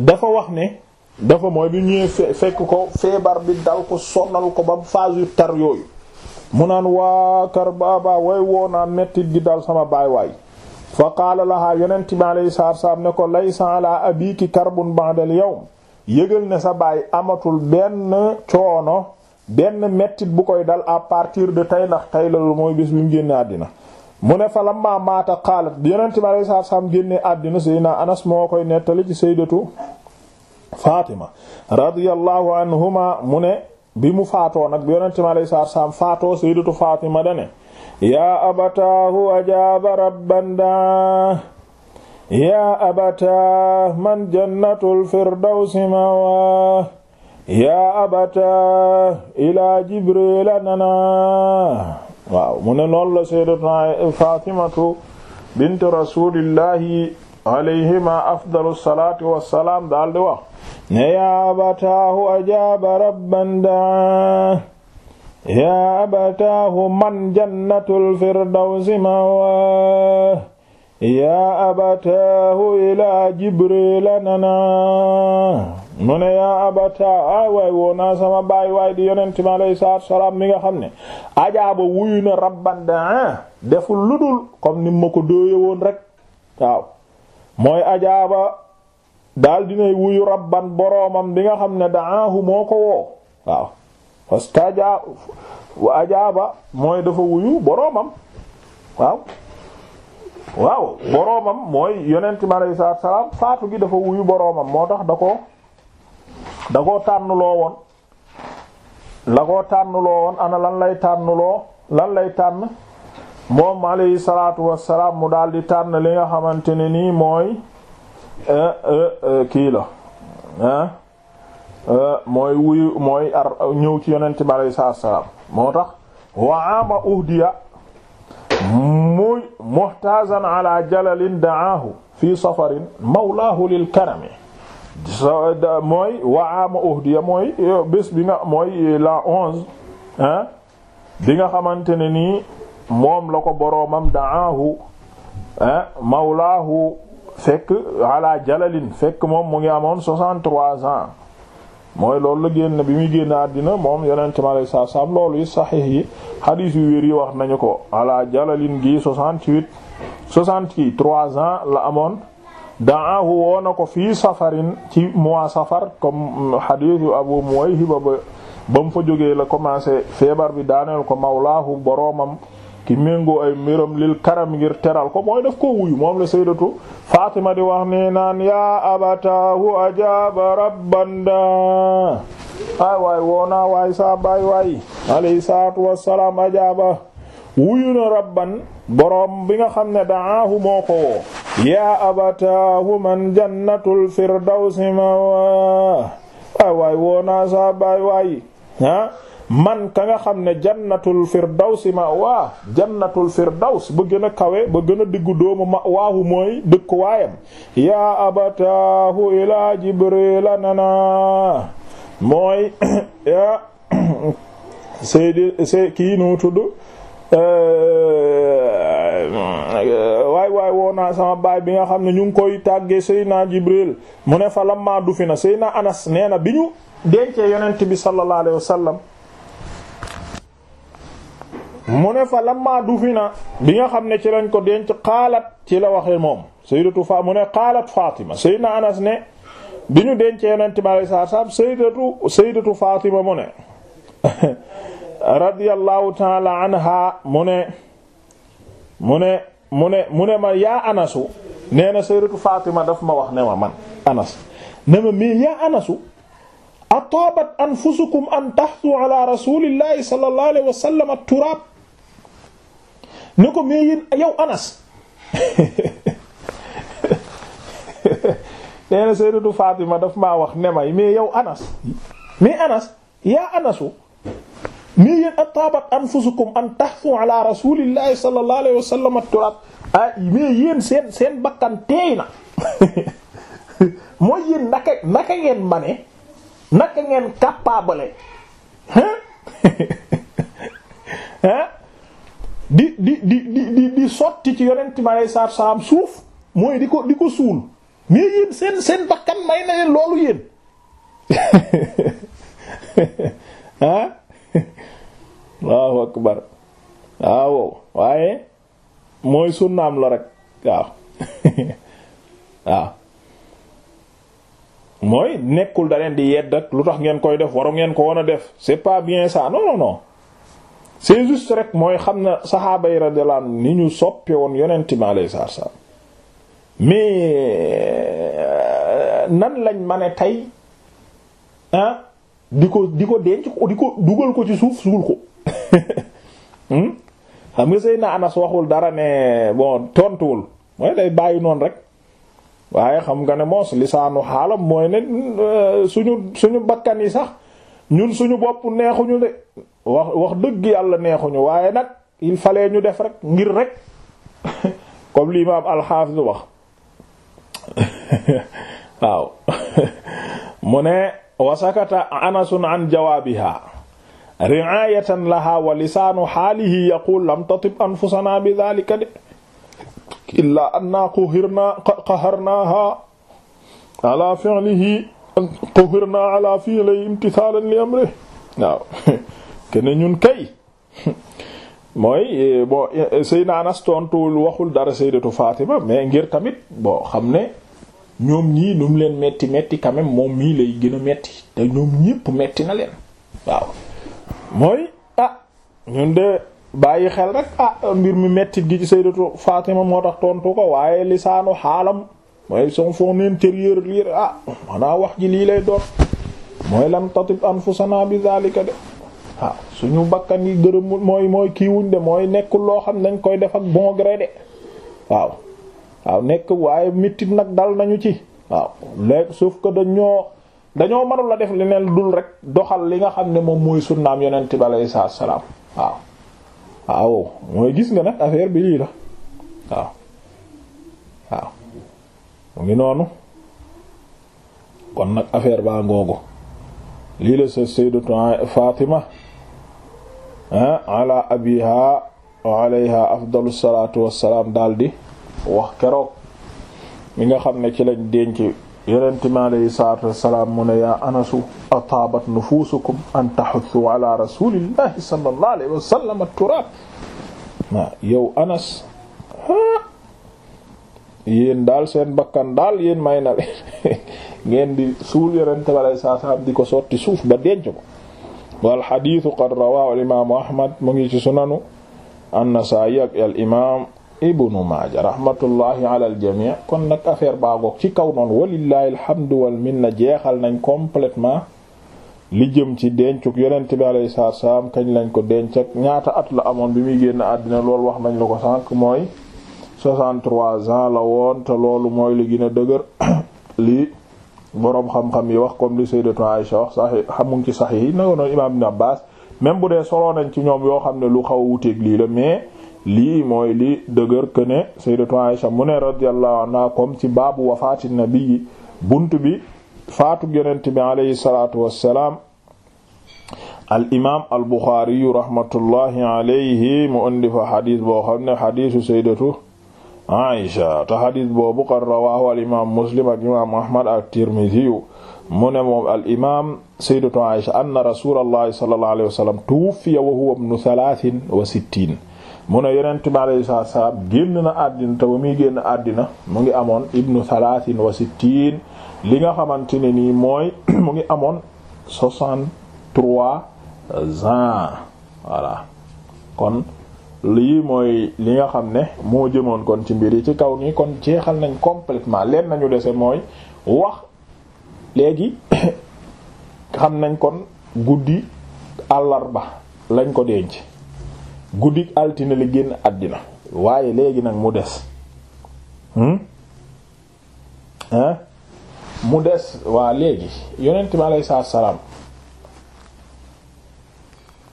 dafa wax ne dafa mooy bi ñëwee fekk ko feebar bi dal ko sonal ko ba phase yu tar yooyu mu naan waa kar baaba way woo naa mettit gi dal sama baay waay fa qaala yeneen yonent bi alayhi salaatu wassalaam ne ko lay laysa ala abiki karbun ba'dal yawm yëgal ne sa baay amatul benn coono benn mettit bu koy dal à partir de tey ndax tey loolu mooy bis bi mu génne àddina mu ne fa lamma maata qaalat yonent bi alayhi salaatu wassalaam génne àddina Seydina Anas moo koy nettali ci Sayyidatu Fatima radiyallahu anhuma mu ne bi mu faatoo nag bi yonente mi alayhi salaatu salaam faatoo sayyidatu Fatima dane yaa abataahu ajaaba rabban daa yaa abataah man jannatul firdawsi mawaa yaa abataah ilaa jibriila nanaa waaw mu ne noonu la sayyidatu Fatimatu bint rasuulillahi alayhima afdalu salaati wassalaam daal di wax ne yaa abataahu ajaaba rabban daa yaa abataahu man jannatul firdawsi mawaa yaa abataahu ilaa jibrila nana mu ne yaa abataa ay waay woo naa sama baay waay di yonent mi alayhi salaatu salaam mi nga xam ne ajaaba wuyu na rabban daa deful ludul comme ni ma ko dóoye woon rek waaw mooy ajaaba daal dinay wuyu rabban boroomam bi nga xam ne da moo ko woo waaw parce que ajaaba mooy dafa wuyu boroomam waaw boroomam mooy yonent mi alayhi salaam faatu gi dafa wuyu boroomam moo tax da ko da koo tànnloo woon la koo tànnloo woon ana lan lay tànnloo lan lay tànn moom alayhi salaat wassalaam mu daal di tànn li nga xamante ne nii mooy eh, eh, eh, kii la mooy wuyu mooy ar ñëw ci yonent wassalaam moo tax wa ama uhdiya muy muhtazan ala jalalin da'ahu fi safarin mawlaahu lil karami bi nga mooy la onze bi nga xamante ne nii moom la ko boroomam daahu ah, mawlaahu fekk ala jalalin fekk moom mu ngi amoon 63 ans mooy loolu la génn bi muy génn àddina moom yeneen ci malay saa saam loolu yi saxiix yi xadiis yu wér yi wax nañu ko ala jalalin gi 68 63 ans la amoon daahu woo na ko fii safarin ci mois safar comme xadiisu Abu Muwayhiba ba ba mu fa jógee la commencé feebar bi daaneel ko mawlaahu boroomam ki ay mbiram lil karam ngir teral ko mooy daf ko wuyu moom la sayyidatu Fatima di wax ni naan yaa abatahu ajaba rabban da waay waay woonaa waay saa baay waay alayhi salaatu wassalaam ajaba wuyu na rabban boroom bi nga xam ne daahu moo ko woo yaa abatahu man jannatul firdawsi ma waa waay woonaa saa baay waay ha man ka nga xam ne jannatul firdawsi ma waa jannatul firdaws ba gën a kawe ba gën a diggu doomu ma waahu mooy dëkk waayam yaa abataahu ilaa jibrila nana mooy ya sey kii nu tudd eh, waay waay woo naa sama baay bi nga xam ne ñu ngi koy tàggee Seyna Jibril mu ne fa lamma du sey na Anas nee na bi ñu dencee yonent bi sallallahu alayhi wasallam mu ne fa lamma dufina bi nga xam ne ci lañ ko denc xaalat ci la waxee moom sayyidatu fa mu ne xaalat Fatima sayyidina Anas ne bi dencee yonente bi alayhi salaam sayyidatu sayyidatu Fatima mu ne radiyallahu ta'ala anha mu ne mu ne mu ne mu ne ma yaa anasu nee na sayyidatu Fatima daf ma wax ne ma man Anas ne ma mais yaa anasu ataabat anfusukum an tahsu ala rasulillahi sallallahu alayhi at-turab ne ko mais yéen yow Anas nee na Sayyidatu Fatima daf maa wax ne may mais yow Anas mais Anas yaa Anasu mais yéen ataabat anfusukum an tahfu ala rasulillahi sallallahu alayhi wa sallam at ah, seen bakkan teey mooy yéen naka naka ngeen mane naka ngeen capable hein hein di di di di di sotti ci yonent mi aleyhi salaatu salaam suuf mooy di ko di ko suul mais yéen seen seen bakkan may na leen loolu yéen ah Allahu akbar waaw waaye mooy sunnaam la rek waaw waaw mooy nekkul da leen di yedd lu tax ngeen koy def waru ngeen ko wan a def c'est pas bien ça non c'est juste rek mooy xam na saxaaba yi radiyallahu anhu ni ñu soppe woon yonent mi alayhi salaam mais euh, nan lañ ma ne tey ah di ko di ko di ko dugal ko ci suuf suul ko hmm? xam nga Seydina Anas waxul dara ne bon tontuwul mooy day bàyyi noonu rek waaye xam nga ne moos lisaanu xaalam mooy ne euh, suñu suñu bakkan yi sax ñun suñu bopp neexuñu de wax wax dëgg yàlla neexuñu waaye nag il fallait ñu def rek ngir rek kom l'imam al-Hafiz wax waaw mu ne wa sakata an jawaabiha riayatan laha wa lisaanu xaalihi yaqul lam tatib anfusana bi dhalika de illa anna qaharnaha ala fi'lihi qahirna ala fi'li imtisaalan li amri waaw kene ñun kay mooy e, bon e, Seydina Anas tontuwul waxul dara Sayyidatu Fatima mais ngir tamit bon xam ne ñoom ñii nu leen metti metti quand moom mii lay gën a metti te ñoom ñépp metti na leen waaw mooy ah ñun de bàyyi xel rek ah mbir mi metti gi ci Sayyidatu Fatima moo tax tontu ko waaye lisaanu xaalam mooy son fond intérieur lii ah maanaa wax ji lii lay doon mooy lan tatib anfusana bi zalika de waaw ah, suñu bakkan yi gërëm mooy mooy kiiwuñ de mooy nekkul loo xam ne dañ koy def ak bon gré de waaw waaw nekk waaye mitit nag dal nañu ci waaw léegi sauf que dañoo dañoo mënul a def leneen dul rek doxal li nga xam ne moom mooy sunnaam yonent bi alayhi salaam waaw waaw mooy gis nga nag affaire bi lii la waaw mu ngi noonu kon nag affaire baa ngoogu lii la sa sayyidatu Fatima ah, ala wa alayha afdalu wassalaam daldi wax keroog mi nga xam ne ci lañ denc yonente mi alayhi salatu mu ne yaa anasu ataabat nufusukum an tahuthu ala rasulillahi sallallahu alayhi wa sallam yéen daal seen bakkan daal yéen may na ngeen di suul yonent bi di ko sotti suuf ba denco ko wal xadiisu qad rawaahu al imaamu ahmad mu ngi ci sunanu an-Nasaa'i ak al imaam ibnu maaja rahmatullahi ala jamii kon nag affaire baagoog ci kaw noonu walillahi alhamdu wal minna jeexal nañ completement li jëm ci dencuk yonent bi alayhi salaam kañ lañ ko denc ñaata at amoon bi muy génn àddina lool wax nañ la ko sànq mooy soixante-trois la woon loolu mooy li gën dëgër lii boroom xam-xam yi wax comme li Sayyidatu Aïsha wax saxi xamuñ ci sax yi naka noonu imaam Ibn Abbas même bu dee soloo nañ ci ñoom yoo xam ne lu xaw a lii la mais lii mooy li dëgër que ne Sayyidatu Aïsha mu ne radiyallahu anha ci baabu wafaati nabi bunt bi faatu yonent bi alayhi salaatu wassalaam al imaam al Buxaari rahmatullahi alayhi mu indi fa xadiis boo xam ne xadiisu Sayyidatu Aisha te xadis boobu qad rawaahu al imaam Muslim ak imaam Ahmad ak Tirmidhi mu ne moom al imaam sayyidatu Aisha anna rasuulallahi sallallahu wa huwa ibnu thalaasin wa sittiin mu ne yonent bi alayhi salaatu wa salaam génn na àddina mu ngi amoon ibnu thalaasin wa sittiin li nga xamante ne nii mooy mu ngi amoon soixante-trois ans lii mooy li nga xam ne moo jëmoon kon ci mbir yi ci kaw nii kon jeexal nañ complètement leen nañu dese mooy wax léegi xam nañ kon guddi àllarba lañ ko denc guddi altine li génn àddina waaye léegi nag mu des hmm mu des waa léegi yonent mi alayhi salaam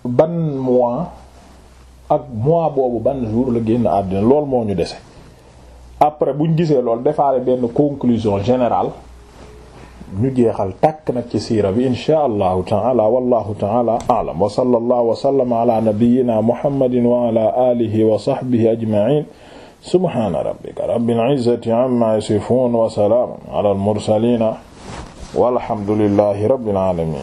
ban mois ak mois boobu ban jour la génn àddina lool moo ñu dese après bu ñu gisee lool defaale benn conclusion générale ñu jeexal tàkk nag ci siira bi insha allahu taala wallahu taala a'lam wa sallallahu wa sallama ala nabiyyina muhammadin wa ala alihi wa sahbihi ajma'in subhana rabbika rabbil izzati amma yasifun wa salamun ala al mursalin walhamdulillahi rabbil alamin